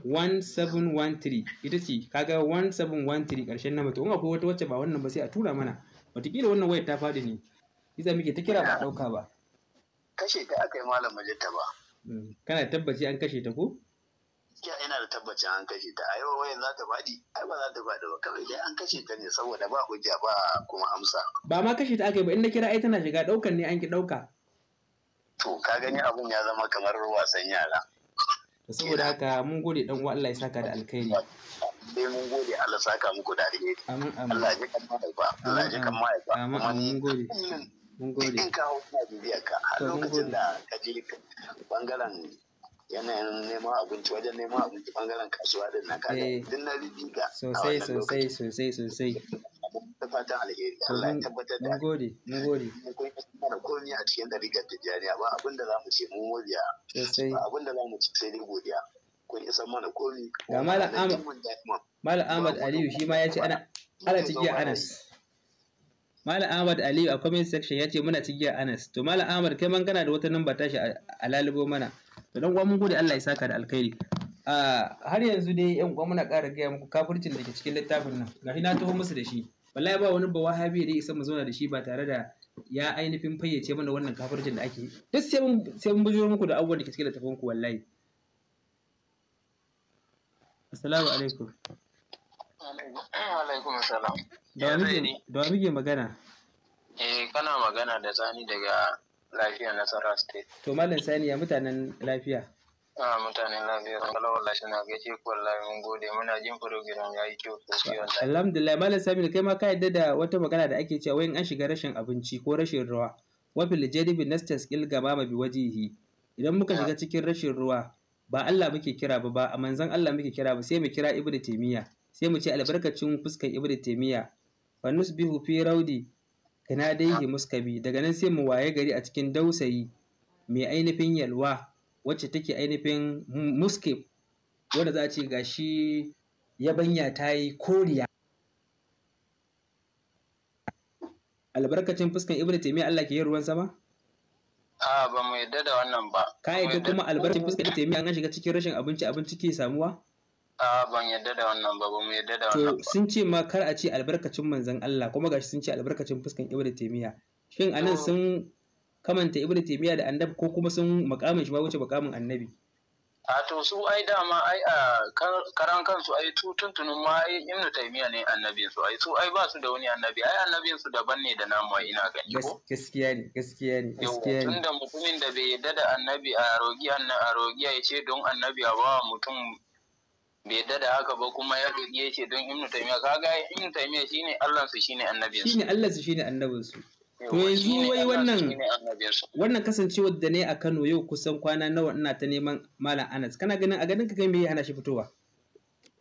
1713 ita ce kaga 1713 karshen number to in akwai wata wacce ba wannan ba sai a tura mana wataƙila wannan wayar ta faɗi ne isa muke ta kira ba ɗauka ba kashe ta aka yi malam mijinta ba hmm, kana tabbaci an kashe ta ko gaskiya ina da tabbacin an kashe ta a yau wayan za ta fadi ai ba za ta fadi ba kawai dai an kashe ta ne saboda ba hujja ba kuma amsa ba ma kashe ta aka yi ba inda kira ai tana shiga ɗaukan ne an ki ɗauka to ka gani abun ya zama kamar wasan yara saboda haka mun gode dan uwa Allah ya saka da alkhairi sai mun gode Allah saka muku da alheri amin amin Allah ya kan mahaifa Allah ya kan mahaifa amin amin mun gode mun gode in ka hau ka bibiya ka a lokacin da ka je bangaren yanayin neman abinci wajen neman abinci bangaren kasuwa da eh, na kaga din na bibiga sosai sosai sosai sosai da fatan alheri Allah ya tabbatar da mun gode mun gode mun koyi da komai a cikin dariƙar tijjaniya ba abin da zamu ce mun godiya sosai ba abin da zamu ce sai dai godiya kun isa mana komai ga malam Ahmad malam Ahmad Aliyu shi ma yace ana ana cikin Anas Malam Ahmad Aliyu a comment section ya ce muna cikin Anas. To Malam Ahmad kai man kana da wata namba tashi a lalubo mana. to dan uwa mun gode Allah ya saka da alkhairi har yanzu dai yan uwa muna ƙara gaya muku kafircin da ke cikin littafin nan gashi na taho musu da shi wallahi ba wani ba wahabi da isa mu zauna da shi ba tare da ya ainihin fayyace mana wannan kafircin da ake duk sai mun sai mun bujuro muku da abubuwan da ke cikin littafin ku wallahi assalamu alaikum alaikum assalam da muke magana eh kana magana da zani daga lafiya tsara state to malam sani ya mutanen lafiya a mutanen lafiya kala ku wallah mun gode muna jin program yi kyau sosai wallah. alhamdulillah malam sani kai ma ka yadda da wata magana da ake cewa wayan an shiga rashin abinci ko rashin ruwa wa fil jadibi nastas kil gaba bi wajihi idan muka shiga cikin rashin ruwa ba Allah muke kira ba ba a manzon Allah muke kira ba sai mu kira ibnu taymiya sai mu ce albarkacin fuskar ibnu taymiya wa nusbihu fi raudi kinadaihi ah. muskabi daga nan sai mu waye gari a cikin dausayi mai ainihin yalwa wacce take ainihin muskib wanda za a ce gashi yabanya ta yi koriya albarkacin fuskan ibnu taymiya Allah ke yin ruwan sama a ba mu yadda da wannan ba ka yadda kuma albarkacin fuskan ibnu an shiga cikin rashin abinci abinci ke samuwa a ban yadda da wannan ba mu yadda da wannan to sun ce ma kar a ce albarkacin manzon Allah kuma gashi sun ce albarkacin fuskan ibnu taymiya shin anan sun kamanta ibnu taymiya da annabi ko kuma sun makamin shi ma wuce makamin annabi a to su ai dama ai a karan kansu ai tuntunin ma ai ibnu taymiya ne annabin su ai su ai ba su da wani annabi ai annabin su daban ne da namu ai ina gani ko gaskiya ne gaskiya ne gaskiya ne tunda mutumin da bai yarda da annabi a rogi a rogi ya ce don annabi a ba mutum bai yadda da haka ba kuma ya ya ce don ibnu taymiya kaga ibnu taymiya shine Allah su shine annabin su shine Allah su shine annabin su to yanzu wai wannan wannan kasancewar da ne a Kano yau kusan kwana nawa ina ta neman malam Anas kana ganin a ganin ka kai me hana shi fitowa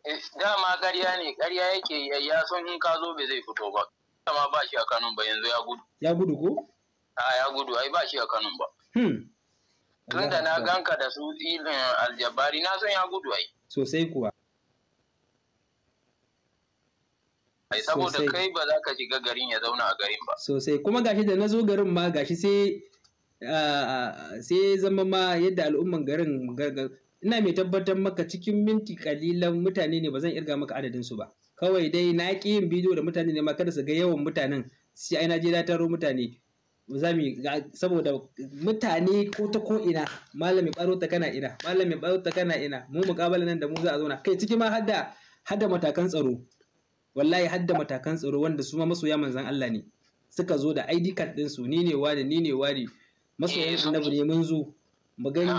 eh, dama ƙarya ne ƙarya yake ya son in ka zo bai zai fito ba dama ba shi a Kano ba yanzu ya gudu ya gudu ko a ya gudu ai ba shi a Kano ba hmm. tun da na ganka da su ilin aljabari na san ya gudu ai sosai kuwa saboda kai ba za ka shiga garin ya zauna a garin ba. Sosai kuma gashi da na zo garin ma gashi sai sai zama ma yadda al'umman garin ina mai tabbatar maka cikin minti kalilan mutane ne ba zan irga maka adadin su ba. Kawai dai na ƙi yin bidiyo da mutane ne ma kada su ga yawan mutanen sai ai na je na taro mutane zami saboda mutane ko ta ko ina malamin baro ta kana ina malamin baro ta kana ina mu muƙabala nan da mu za a zauna kai ciki ma hadda hadda matakan tsaro wallahi hadda matakan tsaro wanda su ma masoya manzon Allah ne suka zo da ID card din su ni ne wani ni ne wani masoyan eh, annabi ne mun zo mu gani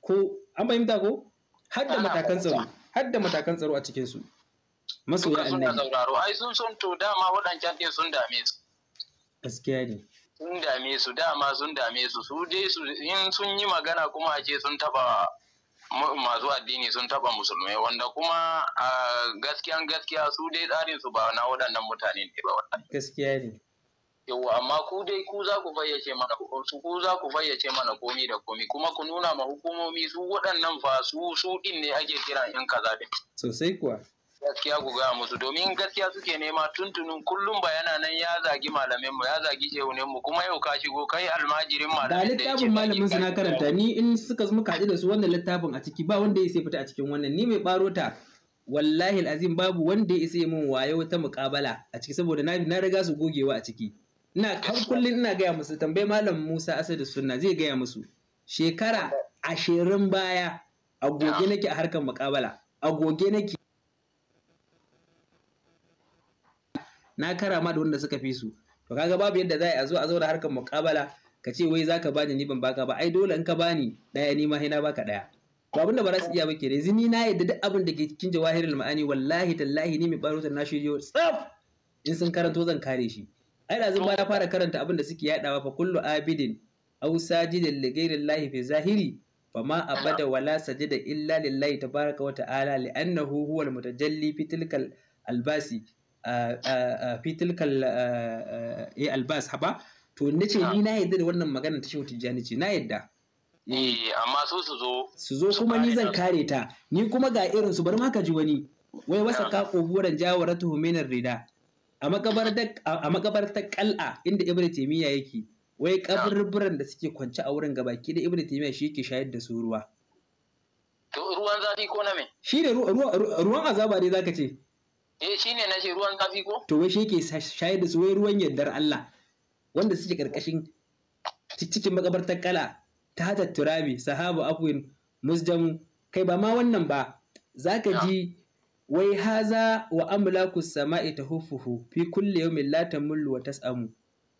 ko an fahimta ko hadda matakan tsaro hadda matakan tsaro a cikin su masoya annabi ai sun son to dama waɗancan din sun dame su gaskiya ne sun dame su dama sun dame su su dai su in sun yi magana kuma a ce sun taba masu addini sun taba musulmai wanda kuma a gaskiyan gaskiya su dai tsarin su ba na waɗannan mutane ne ba wannan gaskiya ne yau amma ku dai ku za ku fayyace mana su ku za ku fayyace mana komi da komi kuma ku nuna ma hukumomi su waɗannan fa su su din ne ake kira yan kaza din sosai kuwa gaskiya ku gaya musu domin gaskiya suke nema tuntunin kullum ba yana nan ya zagi malamin mu ya zagi shehunen mu kuma yau ka shigo kai almajirin malamin da ya littafin malamin su na karanta ni in suka muka haɗu da su wannan littafin a ciki ba wanda ya sai fita a cikin wannan ni mai barota wallahi azim babu wanda ya isa yi min wayo ta muƙabala a ciki saboda na na riga su gogewa a ciki ina kan kullum ina gaya musu tambayi malam Musa Asadu Sunna zai gaya musu shekara ashirin baya a goge nake a harkar muƙabala a goge nake na kara ma da wanda suka fi su to kaga babu yadda za a zo a zauna harkar muƙabala ka ce wai zaka bani ni ban baka ba ai dole in ka bani ɗaya ni ma sai na baka ɗaya to abin da ba za su iya ba ke zini na yadda duk abin da ke cikin jawahirul ma'ani wallahi tallahi ni mai barutar na shiryo tsaf in sun karanto zan kare shi ai da zan na fara karanta abin da suke yadawa fa kullu abidin aw sajidin li ghairillahi fi zahiri fa ma abada wala sajida illa lillahi tabaraka wa ta'ala li'annahu huwal mutajalli fi tilkal albasi fi tilkal eh albas haba to ni ce ni na yadda da wannan magana ta shehu tijjani ce na yadda eh amma su su zo su zo kuma ni zan kare ta ni kuma ga irin su bar ma ka ji wani wai wasa ka koburan jawaratu minar rida a ta kal'a inda ibnu taymiya yake wai kaburburan da suke kwance a wurin gabaki da ibnu taymiya shi yake shayar da su ruwa to ruwan zafi ko na me shi ne ruwan azaba ne zaka ce eh ne na ce ruwan zafi ko to wai shi ke shayar da su wai ruwan yardar Allah wanda suke karkashin cikin makabartar kala ta hatar turabi sahabu afwin musjamu kai ba ma wannan ba za ka ji wai haza wa sama sama'i hufuhu fi yau mai latan mulu wa tas'amu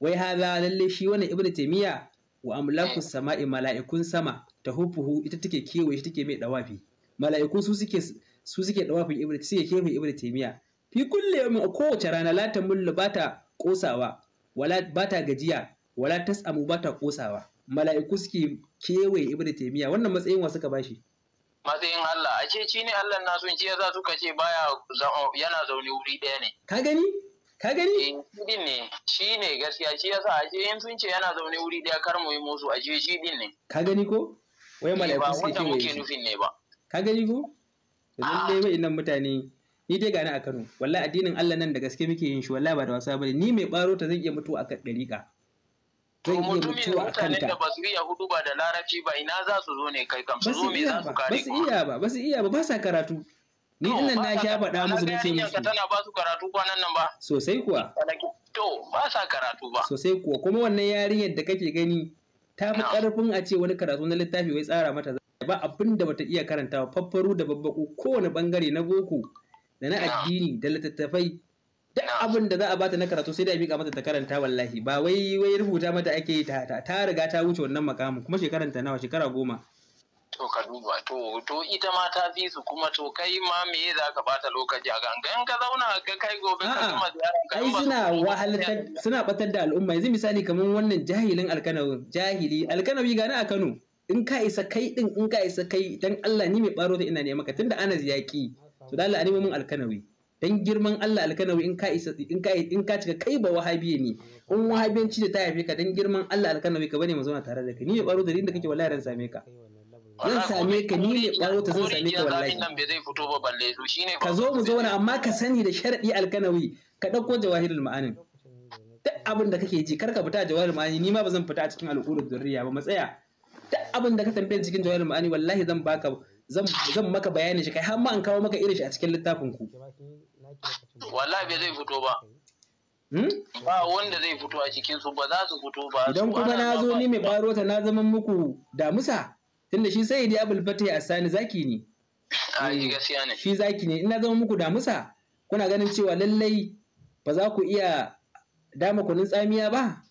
wai haza lalle shi wannan ibn taimiyya wa amlaku eh. sama'i mala'ikun sama ta hufuhu ita take kewaye shi take mai dawafi mala'ikun su suke su suke dawafin ibn suke kewaye ibnu fi kulle yawmin a kowace rana la ba ta kosawa wala ta gajiya wala tasamu ta kosawa mala'iku suke kewaye ibnu taymiya wannan matsayin wa suka bashi matsayin Allah ce shi ne Allah nasu shi yasa suka ce baya yana zaune wuri ɗaya ne ka gani ka gani eh, shi ne shi ne gaskiya shi yasa ce in sun ce yana zaune wuri ɗaya kar mu yi musu ce shi din ne ka gani ko wai eh, mala'iku suke kewaye ba ka gani ko ah. lalle wa'annan mutane ni dai gani a Kano wallahi addinin Allah nan da gaske muke yin shi wallahi ba da wasa bane ni mai baro ta zan iya mutuwa akan dariƙa zan iya mutuwa a ta ba su iya hudu ba da larabci ba ina za su zo ne kai kam su zo me za su kare su iya ba ba su iya ba ba sa karatu ni dinnan na sha faɗa musu nace musu tana ba su karatu kwanan nan ba sosai kuwa to ba sa karatu ba sosai kuwa kuma wannan yarinyar da kake gani ta fi ƙarfin a ce wani karatu na littafi wai tsara mata ba abin da bata iya karantawa faffaru da babbaku kowane bangare na boko da na addini da littattafai duk abin da za a bata na karatu sai da miƙa mata ta karanta wallahi ba wai wai rubuta mata ake yi ta ta riga ta wuce wannan makamin kuma shekaran ta nawa shekara goma to ka duba to to ita ma ta fi su kuma to kai ma me za ka bata lokaci a gangan ka zauna ga kai gobe ka kuma ziyaran kai suna wahalar suna batar da al'umma yanzu misali kamar wannan jahilin alkanawi jahili alkanawi gani a Kano in ka isa kai din in ka isa kai dan Allah ni mai baro ta ina ne maka tunda Anas ziyaki to da Allah a nemi mun alkanawi dan girman Allah alkanawi in ka isa in ka in ka cika kai ba wahabiye ne in wahabiyanci da ta haife ka dan girman Allah alkanawi ka bane mu zauna tare da kai ni ne baro da inda kake wallahi ran same ka zan same ka ni ne baro ta zan same ka wallahi nan bai zai fito ba balle to shine ka zo mu zauna amma ka sani da sharadi alkanawi ka dauko jawahirul ma'anin duk abin da kake ji karka fita jawahirul ma'ani ni ma ba zan fita a cikin al'ummar zurriya ba matsaya duk abin da ka tambaye cikin jawahirul ma'ani wallahi zan baka zan maka bayanin shi kai har ma an kawo maka irin shi a cikin littafin ku wallahi bai zai fito ba hmm? ba wanda zai fito a cikin su ba za su fito ba idan kuma na zo ni mai baro ta na zaman muku damusa tunda shi sai idi abul fatih asani zaki ne ai gaskiya ne shi zaki ne ina zama muku damusa kuna ganin cewa lallai ba za ku iya dama kunin tsamiya ba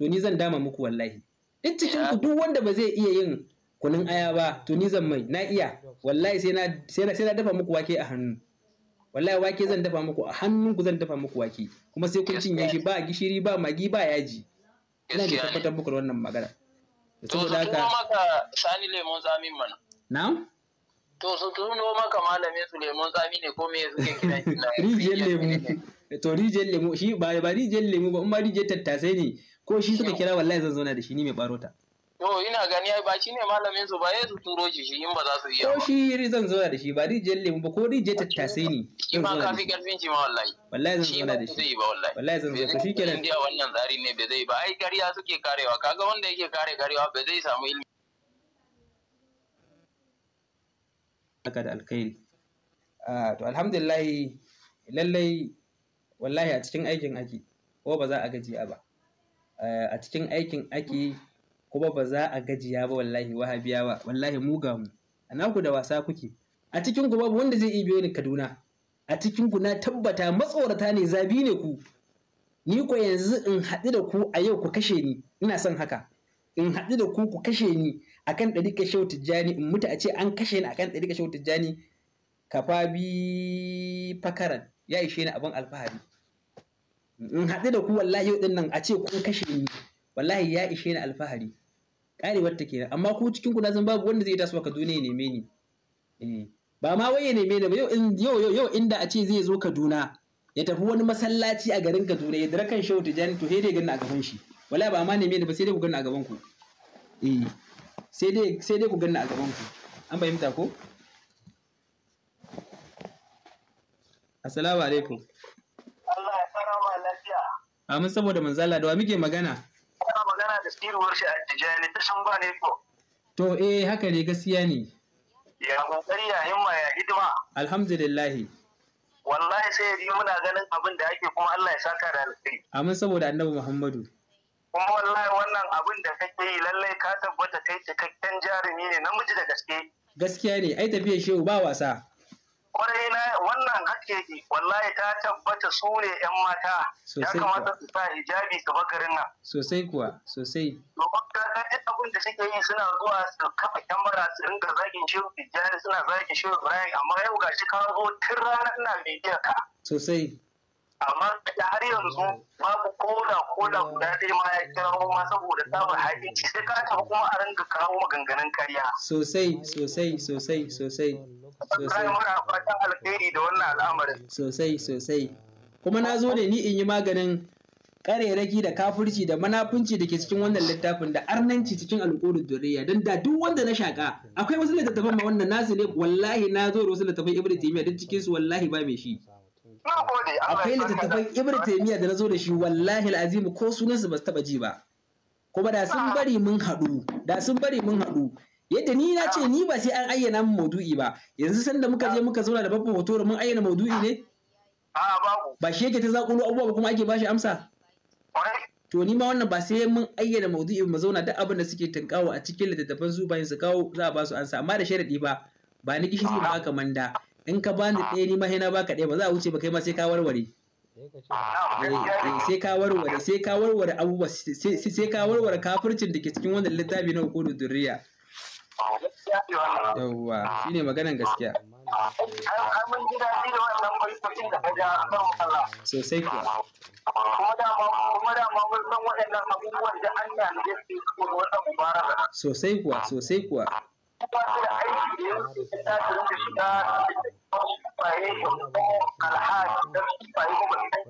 to ni zan dama muku wallahi duk cikin ku duk wanda ba zai iya yin kunun aya ba to ni zan mai na iya wallahi sai na sai na dafa muku wake a hannu wallahi wake zan dafa muku a hannun ku zan dafa muku wake kuma sai kun cinye shi ba gishiri ba magi ba yaji ina da tabbatar muku da wannan magana to su tuno maka sani lemon zamin mana na'am to su tuno maka malamin su lemon tsami ne ko me suke kira shi <laughs> rijiyar lemu to rijiyar lemu shi ba ba rijiyar lemu ba amma ma rijiyar tattasai ne ko shi suka kira wallahi zan zauna da shi ni mai barota Yo ina gani ai ba shine malamin su ba ya su turo shi shi in ba za su iya. Ko shi zan zo da shi ba je lemu ba ko DJ tattase ni. Shi ma ka fi karfin shi ma wallahi. Wallahi zan zo da shi. Shi ba wallahi. Wallahi zan zo ka shi kenan. Indiya wannan tsari ne bai zai ba ai ƙarya suke karewa kaga wanda yake kare karewa bai zai samu ilimi. Haka da alkhairi. to alhamdulillahi lallai wallahi a cikin aikin ake ko ba za a gajiya ba eh, a cikin aikin ake kuma ba za a gajiya ba wallahi ba. wallahi mu ga mu a naku da wasa kuke a cikin ku babu wanda zai iya ni Kaduna a cikin ku na tabbata matsorata ne zabi ne ku ni ko yanzu in haɗu da ku a yau ku kashe ni ina son haka in haɗu da ku ku kashe ni akan ɗari shehu tijjani in mutu a ce an kashe ni akan ɗari shehu tijjani kafa bi fakaran ya ishe ni abin alfahari in haɗu da ku wallahi yau ɗin nan a ce kun kashe ni wallahi ya ishe ni alfahari karewar ta kenan amma ku cikin ku na san babu wanda zai taso ka duniya ya neme ni eh, ba ma waye neme ni ba yau yau yau inda a ce zai zo Kaduna ya tafi wani masallaci a garin Kaduna ya dira kan Shehu Tijani to sai dai ganna a gaban shi wallahi ba ma neme ni ba sai dai ku ganna a gaban ku eh sai dai sai dai ku ganna a gaban ku an fahimta ko Assalamu alaikum. Allah ya tsara ma lafiya. Amin saboda manzala da wa muke magana? magana da tsiruwar shi a tijani ta san ba ne ko. To eh haka ne gaskiya ne. Ya kokari ya himma ya hidima. Alhamdulillahi. Wallahi sai ji muna ganin abin da ake kuma Allah ya saka da alkhairi. Amin saboda Annabi Muhammadu. Kuma wallahi wannan abin da kake yi lallai ka tabbata kai cikakken jarumi ne namiji da gaske. Gaskiya ne ai tafiyar shehu ba wasa. kwarai na wannan hakiki wallahi ta tabbata su ne yan mata ya kamata su sa hijabi su bakarin nan sosai kuwa sosai to ka ga duk abin da suke yi suna zuwa su kafa kyamara su ringa zagin shi hijabi suna zagin shi ibrahim amma yau gashi ka zo tun ranar ina bibiya ka sosai amma da har yanzu babu koda koda guda ɗaya ma ya kira ma saboda samun haƙinci sai ka tafi kuma a ringa kawo maganganun karya. Sosai sosai sosai sosai. Sosai. Muna fatan da wannan al'amarin. Sosai sosai. Kuma na zo ne ni in yi maganin ƙareraki da kafurci da manafunci da ke cikin wannan littafin da arnanci cikin alƙurin duriya don da duk wanda na shaƙa akwai wasu littattafan ma wannan nasu ne wallahi na zo da wasu littattafan ibnu taymiya duk cikin su wallahi ba mai shi. akwai littattafan ibn taymiya da nazo da shi wallahi alazim ko sunansu ba su taba ji ba kuma da sun bari mun hadu, yadda ni na ce ni ba sai an ayyana mu maudu'i ba yanzu sanda muka je muka zauna da babban hoto mun ayyana maudu'i ne ba shi yake ta zakulo abubuwa ba kuma ake bashi amsa to ni ma wannan ba sai mun ayyana maudu'i mu zauna da abin da suke tunkawo a cikin littattafan su bayan su kawo za a ba su ansa amma da sharadi ba ba ni gishiri ba aka manda in ka bani ah. ɗaya ni ma na baka ɗaya ba za a wuce ba kai ma sai ka warware sai ka warware sai ka warware abubuwa sai ka warware kafircin da ke cikin wannan littafi na hukumar duriya ah, yawwa shi ne ah. maganan gaskiya sosai kuwa sosai kuwa sosai kuwa kuma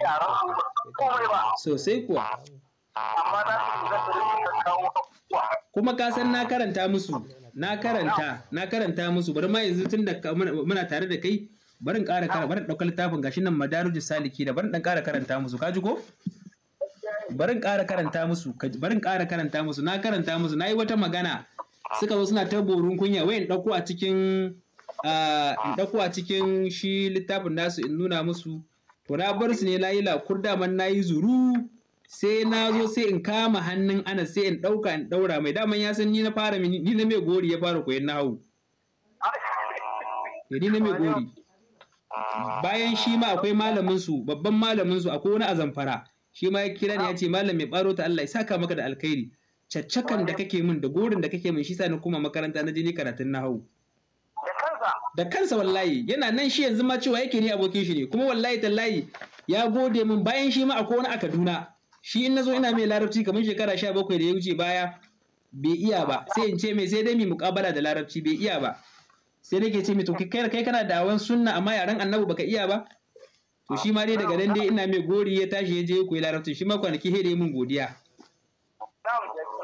da Sosai kuwa. kuma ka san na karanta musu na karanta na karanta musu bari ma yanzu tun da muna tare da kai barin ƙara kara barin ɗaukar littafin gashi nan madarujin saliki da barin ɗan ƙara karanta musu ka ji ko barin ƙara karanta musu barin ƙara karanta musu na karanta musu na yi wata magana suka zo suna ta borun kunya wayan dauko a cikin in ɗauko a cikin shi littafin nasu in nuna musu to na bar su ne layi kurda man na yi zuru sai na zo sai in kama hannun ana sai in ɗauka in ɗaura mai daman ya san ni na fara ni na mai gori ya fara koyon na eh, ni na mai gori bayan shi ma akwai malamin su babban malamin su akwai wani a zamfara shi ma ya kira ni ya ce malam mai baro ta Allah ya saka maka da alkhairi caccakan da kake min da gorin da kake min shi sa na koma makaranta na jini karatun na hau da kansa wallahi yana nan shi yanzu ma cewa yake ni abokin shi ne kuma wallahi tallahi ya gode min bayan shi ma akwai wani a Kaduna shi in na nazo ina mai larabci kamar shekara 17 da ya wuce baya bai iya ba sai in ce mai sai dai mai mukabala da larabci bai iya ba sai nake ce mai to kai kai kana da awan sunna amma yaran annabi baka iya ba to shi ma dai daga nan dai ina mai gori ya tashi ya je ya koyi larabci shi ma kwanaki hede min godiya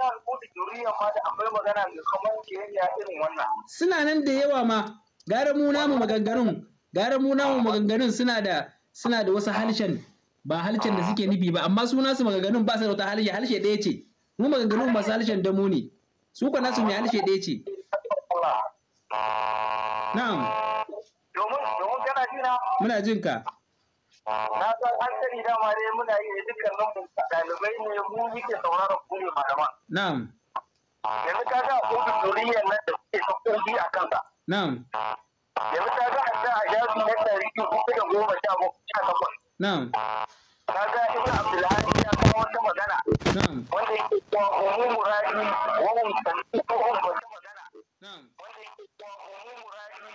jihar kudu juriya ma da akwai magana da kamar kiyayya irin wannan suna nan da yawa ma gara mu namu maganganun gara mu namu maganganun suna da suna da wasu halshen ba halshen da suke nufi ba amma suna su maganganun ba su da wata halshe halshe ɗaya ce mu maganganun su halshen damu ne su kwa nasu mai halshe ɗaya ce na'am domin domin kana jina muna jinka na san an sani dama ne muna yi da dukkanin dalibai ne mu muke sauraron kuri malaman na'am yanzu ka ga kofin duriyar nan da kuke ta bi a kansa na'am yanzu ka ga adda a jazi na ɗari hudu da goma sha takwas na'am ka ga ina Abdullahi ya kawo wata magana wanda yake cewa umu muradi wa umtani ko umma magana wanda yake cewa umu muradi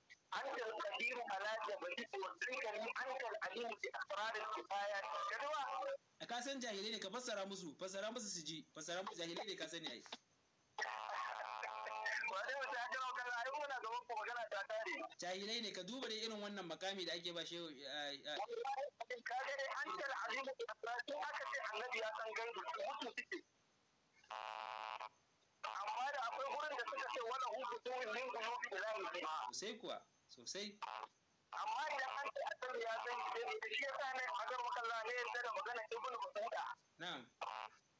أنت القدير على جبلك وسرك أنت العليم بأسرار الكفاية كدوة ka san jahilai ne ka fassara musu fassara musu su ji fassara musu jahilai ne ka sani ai ne ka duba dai irin wannan makami da ake ba shi eh, eh, eh. ka ga an azimu aka ce annabi ya mutu amma da akwai gurin da suka ce wala hu min sai kuwa sosai amma idan an ce annabi ya san gidan da shi ya sa ne magar makalla ne ya daga magana ibnu mas'uda na'am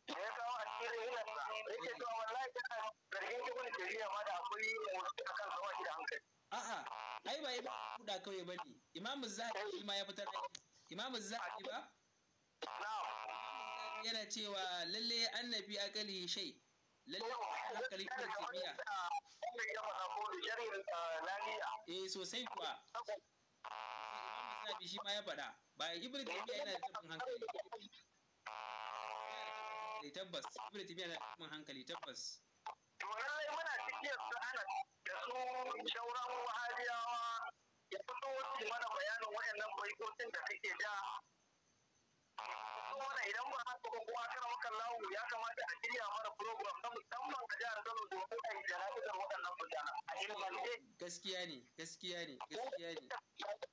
da ya kawo a cikin rahilar sa yake cewa wallahi kana zargin ke riya ma da akwai motsi kan sama shi da hankali a'a ai ba ba mas'uda kawai bane imamu zahabi ma ya fitar da imamu zahabi ba na'am yana cewa lalle annabi akali shay lalle hankalin ibn taymiya eh sosai kuwa imam zabi shi ma ya faɗa ba ibn taymiya yana da tabin hankali tabbas ibn taymiya yana da tabin hankali tabbas to lallai muna cikin su ana da su shauran wahabiyawa ya fito wasu mana bayanin waɗannan baikokin da kake da wannan idan ba haka ba kuma kana maka lawo ya kamata a shirya mana program na musamman ga jihar Kano domin a yi jana'izar waɗannan mutanen a ne. Gaskiya ne, gaskiya ne, gaskiya ne.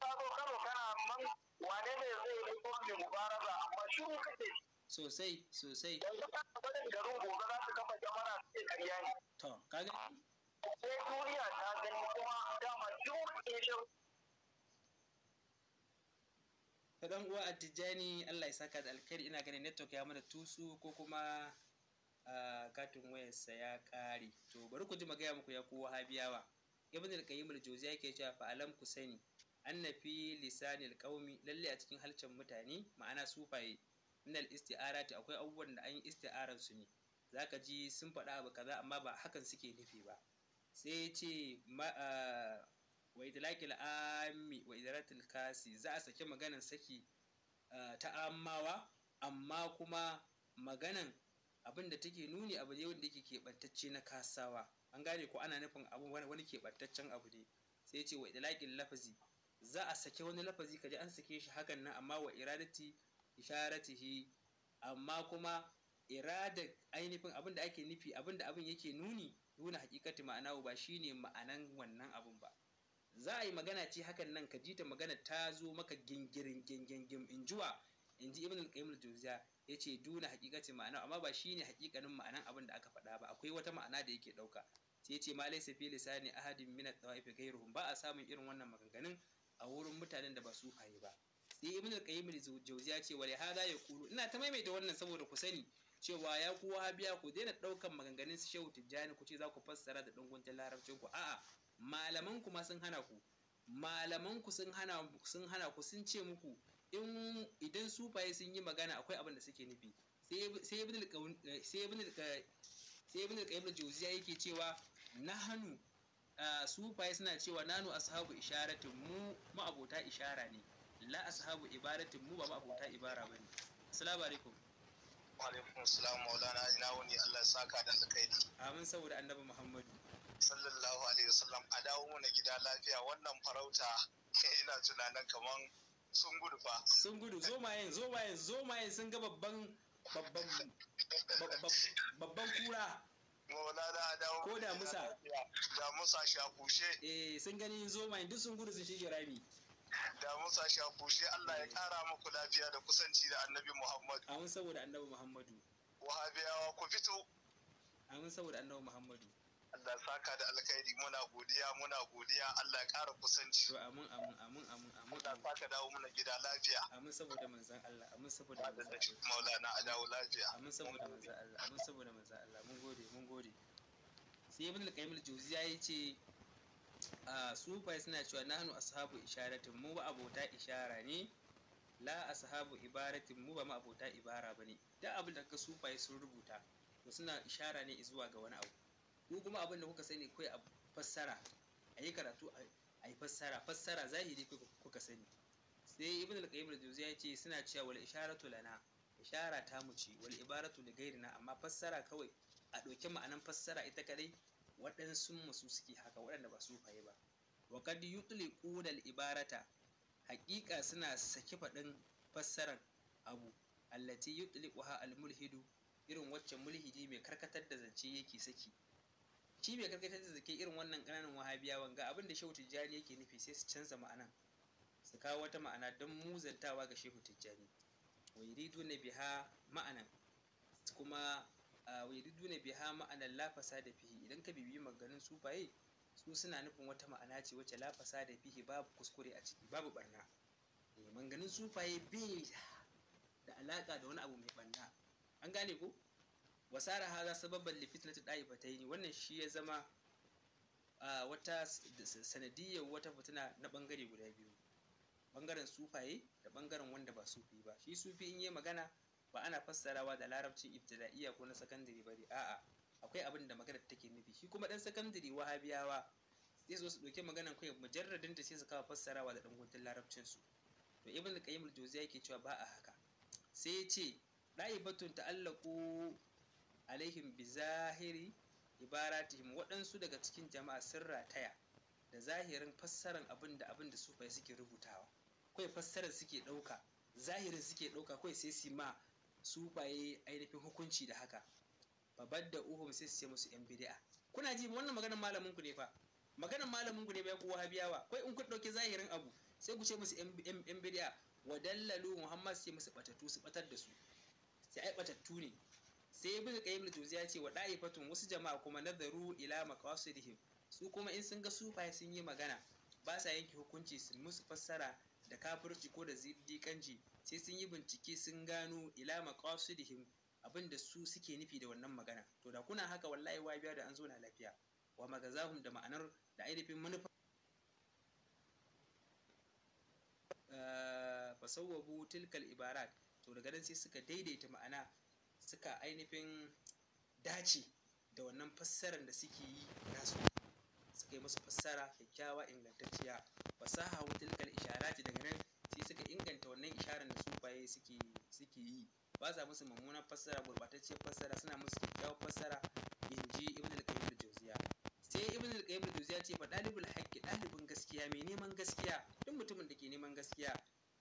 Ka zo Kano kana man wane ne zai yi mai mubaraza amma shiru kake sosai sosai yanzu ka barin garin gobe za su kafa jama'a su ce ne to ka gani sai duniya ta gani kuma dama duk dan uwa a tijjani allah ya saka da alkhairi ina ganin network ya mana tusu ko kuma katin wayarsa ya kare to bari ku ji magana muku ya kowa habiyawa ibn al-qayyim al-jawziya yake cewa fa alam ku sani anna fi lisanil qaumi lalle a cikin halcin mutane ma'ana sufaye min al-isti'arati akwai abubuwan da an yi isti'aran su ne zaka ji sun faɗa abu kaza amma ba hakan suke nufi ba sai ya ce wa idlakil ammi wa idratil kasi za a saki maganan saki eh, ta ammawa amma kuma maganan abin da take nuni abu ne wanda yake keɓantacce na kasawa an gane ko ana nufin abu wani keɓantaccen abu ne sai ce wa idlakil lafazi za a saki wani lafazi kaje an sake shi hakan nan amma wa iradati isharatihi amma kuma irada ainihin abin da ake nufi abin da abin yake nuni nuna hakikati ma'ana ba shine ma'anan wannan abin ba za a yi magana ce hakan nan ka ji ta magana ta zo maka gingirin gingingim in juwa in ji ibn al-qayyim al-jawziya yace duna haqiqati ma'ana amma ba shine haqiqanin ma'anan abin da aka faɗa ba akwai wata ma'ana da yake dauka sai yace ma laysa fi lisani ahadin min at-tawaif ghayruhum ba a samun irin wannan maganganun a wurin mutanen da ba su kai ba sai ibn al-qayyim al-jawziya ce wa hada yaqulu ina ta maimaita wannan saboda ku sani cewa ya kuwa biya ku daina daukan maganganun su shehu tijjani ku ce za ku fassara da dungun larabcin ku a'a malaman kuma sun hana ku malaman ku sun hana sun hana ku sun ce muku in idan sufaye sun yi magana akwai abin da suke nufi sai ibn al-qayyim al-jawziya yake cewa nahanu sufaye suna cewa nanu ashabu isharatin mu mu abota ishara ne la ashabu ibaratin mu ba mu abota ibara bane assalamu alaikum wa alaikum assalam maulana ina wani Allah ya saka da alkhairi amin saboda annabi muhammadu sallallahu alaihi wasallam a dawo mana gida lafiya wannan farauta <laughs> ina tunanin kaman sun gudu fa sun gudu zo ma yin sun ga babban babban babban kura maulana a dawo ko da musa da musa shafushe eh sun gani yin duk sun gudu sun shige rami da musa shafushe Allah ya kara muku lafiya da kusanci da annabi Muhammadu amin saboda annabi Muhammadu wahabiyawa ku fito amin saboda annabi Muhammadu Allah saka da alkhairi muna godiya muna godiya Allah ƙara kusanci. To amin amin amin amin amin. Allah saka dawo muna gida lafiya. Amin saboda manzon Allah amin saboda manzon Allah. Maulana a dawo lafiya. Amin saboda manzon Allah amin saboda manzon Allah mun gode mun gode. Sai Ibn al-Qayyim al-Jawzi ya a sufai suna cewa nanu ashabu isharatin mu ba abota ishara ne la ashabu ibaratin mu ba ma abota ibara bane. Duk abin da ka sufai sun rubuta to suna ishara ne zuwa ga wani abu. ku kuma abin da kuka sani kai a fassara a yi karatu a yi fassara fassara zahiri kuka sani sai ibn al-qayyim al ya ce suna cewa wal isharatu lana ishara ta mu ce wal ibaratu li ghairina amma fassara kawai a ɗauke ma'anan fassara ita kadai waɗansu masu suke haka waɗanda ba su faye ba wa qad yutliquna al-ibarata haƙiƙa suna saki faɗin fassaran abu allati yutliquha al-mulhidu irin wacce mulhidi mai karkatar da zance yake saki shi mai karkatar da zake irin wannan kananan wahabiyawan ga abin da shehu tijjani yake nufi sai su canza ma'anan su kawo wata ma'ana don muzantawa ga shehu tijjani wa yuridu na biha ma'anan kuma wa na biha ma'anan lafasa da fihi idan ka bibiyi maganin sufaye su suna nufin wata ma'ana ce wacce lafasa da fihi babu kuskure a ciki babu barna eh, maganin sufaye bai da alaka da wani abu mai barna an gane ko wasara haza ta lifitnati ne wannan shi ya zama wata sanadiyar wata fitina na ɓangare guda biyu Ɓangaren sufaye da ɓangaren wanda ba sufi ba shi sufi in yi magana ba ana fassarawa da larabcin ibtida'iyya ko na sakandare ba ne. a'a akwai abin da maganar take nufi shi kuma ɗan sakandare wahabiyawa sai su su dauki maganar kai mujarradin ta sai su kawo fassarawa da danguntun larabcin su to ibn qayyim al-jawziya yake cewa ba a haka sai ya ce da'ibatun ta'allaqu alaihim bi zahiri ibaratihim waɗansu daga cikin jama'a sun rataya da zahirin fassaran abin da abin da sufai suke rubutawa kawai fassarar suke ɗauka zahirin suke ɗauka kawai sai su ma sufaye ainihin hukunci da haka babbar da uhum sai su ce musu yan bid'a kuna ji wannan maganar malamin ku ne fa maganar malamin ku ne bai ku wahabiyawa kai in ku dauke zahirin abu sai ku ce musu yan bid'a wa dallalu muhammad sai musu batatu su batar da su sai ai batattu ne sai ibn qayyim al-juziyya ce wa da'ifatun wasu jama'a kuma nazaru ila maqasidihim su kuma in sun ga sufaye sun yi magana ba sa yanke hukunci su musu fassara da kafirci ko da zindiƙanci sai sun yi bincike sun gano ila maqasidihim abin da su suke nufi da wannan magana to da kuna haka wallahi wa biya da an zo na lafiya wa magazahum da ma'anar da ainihin manufa eh, fasawwabu tilkal ibarat to daga nan sai suka daidaita ma'ana suka ainihin dace da wannan fassarar da suke yi nasu suka yi musu fassara kyakkyawa ingantacciya fasaha wa isharati daga nan sai suka inganta wannan isharar da su suke suke yi ba sa musu mummunan fassara gurbatacciyar fassara suna musu kyakkyawar fassara ji ibn al-qayyim al-jawziya sai ibn al-qayyim al-jawziya ce fa dalibul haqqi gaskiya mai neman gaskiya duk mutumin da ke neman gaskiya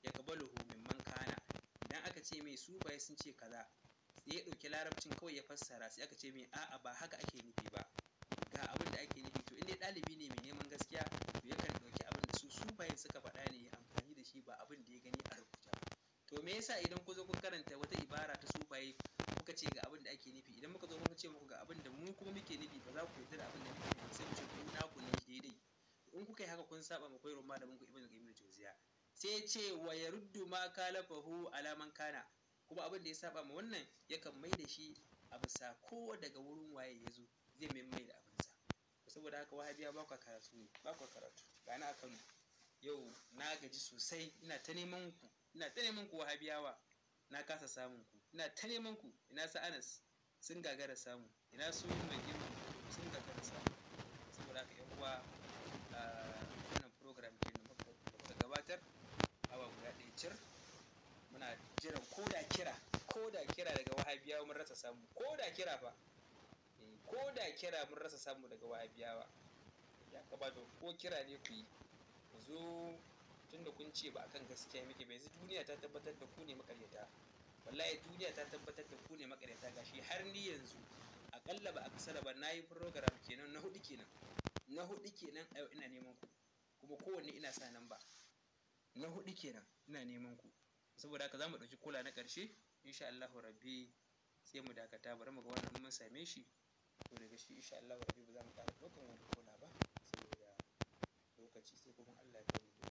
ya kabaluhu mimman kana idan aka ce mai su sufaye sun ce kaza ya ɗauki larabcin kawai ya fassara sai aka ce mai a'a ba haka ake nufi ba ga abin da ake nufi to inda ɗalibi ne mai neman gaskiya to yakan ɗauki abin da su Sufaye suka faɗa ne ya amfani da shi ba abin da ya gani a rubuta to me yasa idan ku zo kun karanta wata ibara ta sufaye kuka ce ga abin da ake nufi idan muka zo muka ce muku ga abin da mu kuma muke nufi ba za ku yarda da abin da muke nufi sai mu ce ku naku ne daidai in kuka yi haka kun saba ma koyarwar malamin ku ibn qayyim al-jawziya sai ya ce wa yaruddu ma kalafahu alaman kana kuma abin da ya saba ma wannan yakan mai da shi a bisa ko daga wurin waye ya zo zai mai mai da abinsa saboda haka wahabiya ba kwa karatu ne ba kwa karatu ga na a kano yau na gaji sosai ina ta neman ku ina ta neman ku wahabiyawa na kasa samun ku ina ta neman ku ina sa anas sun gagara samu ina su mai girma sun gagara samu saboda haka yan uwa wannan program ke da muka gabatar awa guda ɗaya cir muna jiran ko da kira ko da kira daga wahabiyawa mun rasa samu ko da kira ba eh, ko da kira mun rasa samu daga wahabiyawa ya kamata ko kira ne ku yi ku zo tun da kun ce ba akan gaskiya muke ba yanzu duniya ta tabbatar da ku ne makaryata wallahi duniya ta tabbatar da ku ne makaryata gashi har ni yanzu akalla ba a kasara ba na yi program kenan na hudu kenan na hudu kenan a yau ina neman ku kuma kowanne ina sa nan ba na hudu kenan ina neman ku saboda haka za mu ɗauki kula na ƙarshe insha Allah rabbi sai mu dakata bari mu ga wannan mun same shi to daga shi insha Allah rabbi ba za mu ƙara ɗaukan wani kula ba saboda lokaci sai kuma Allah ya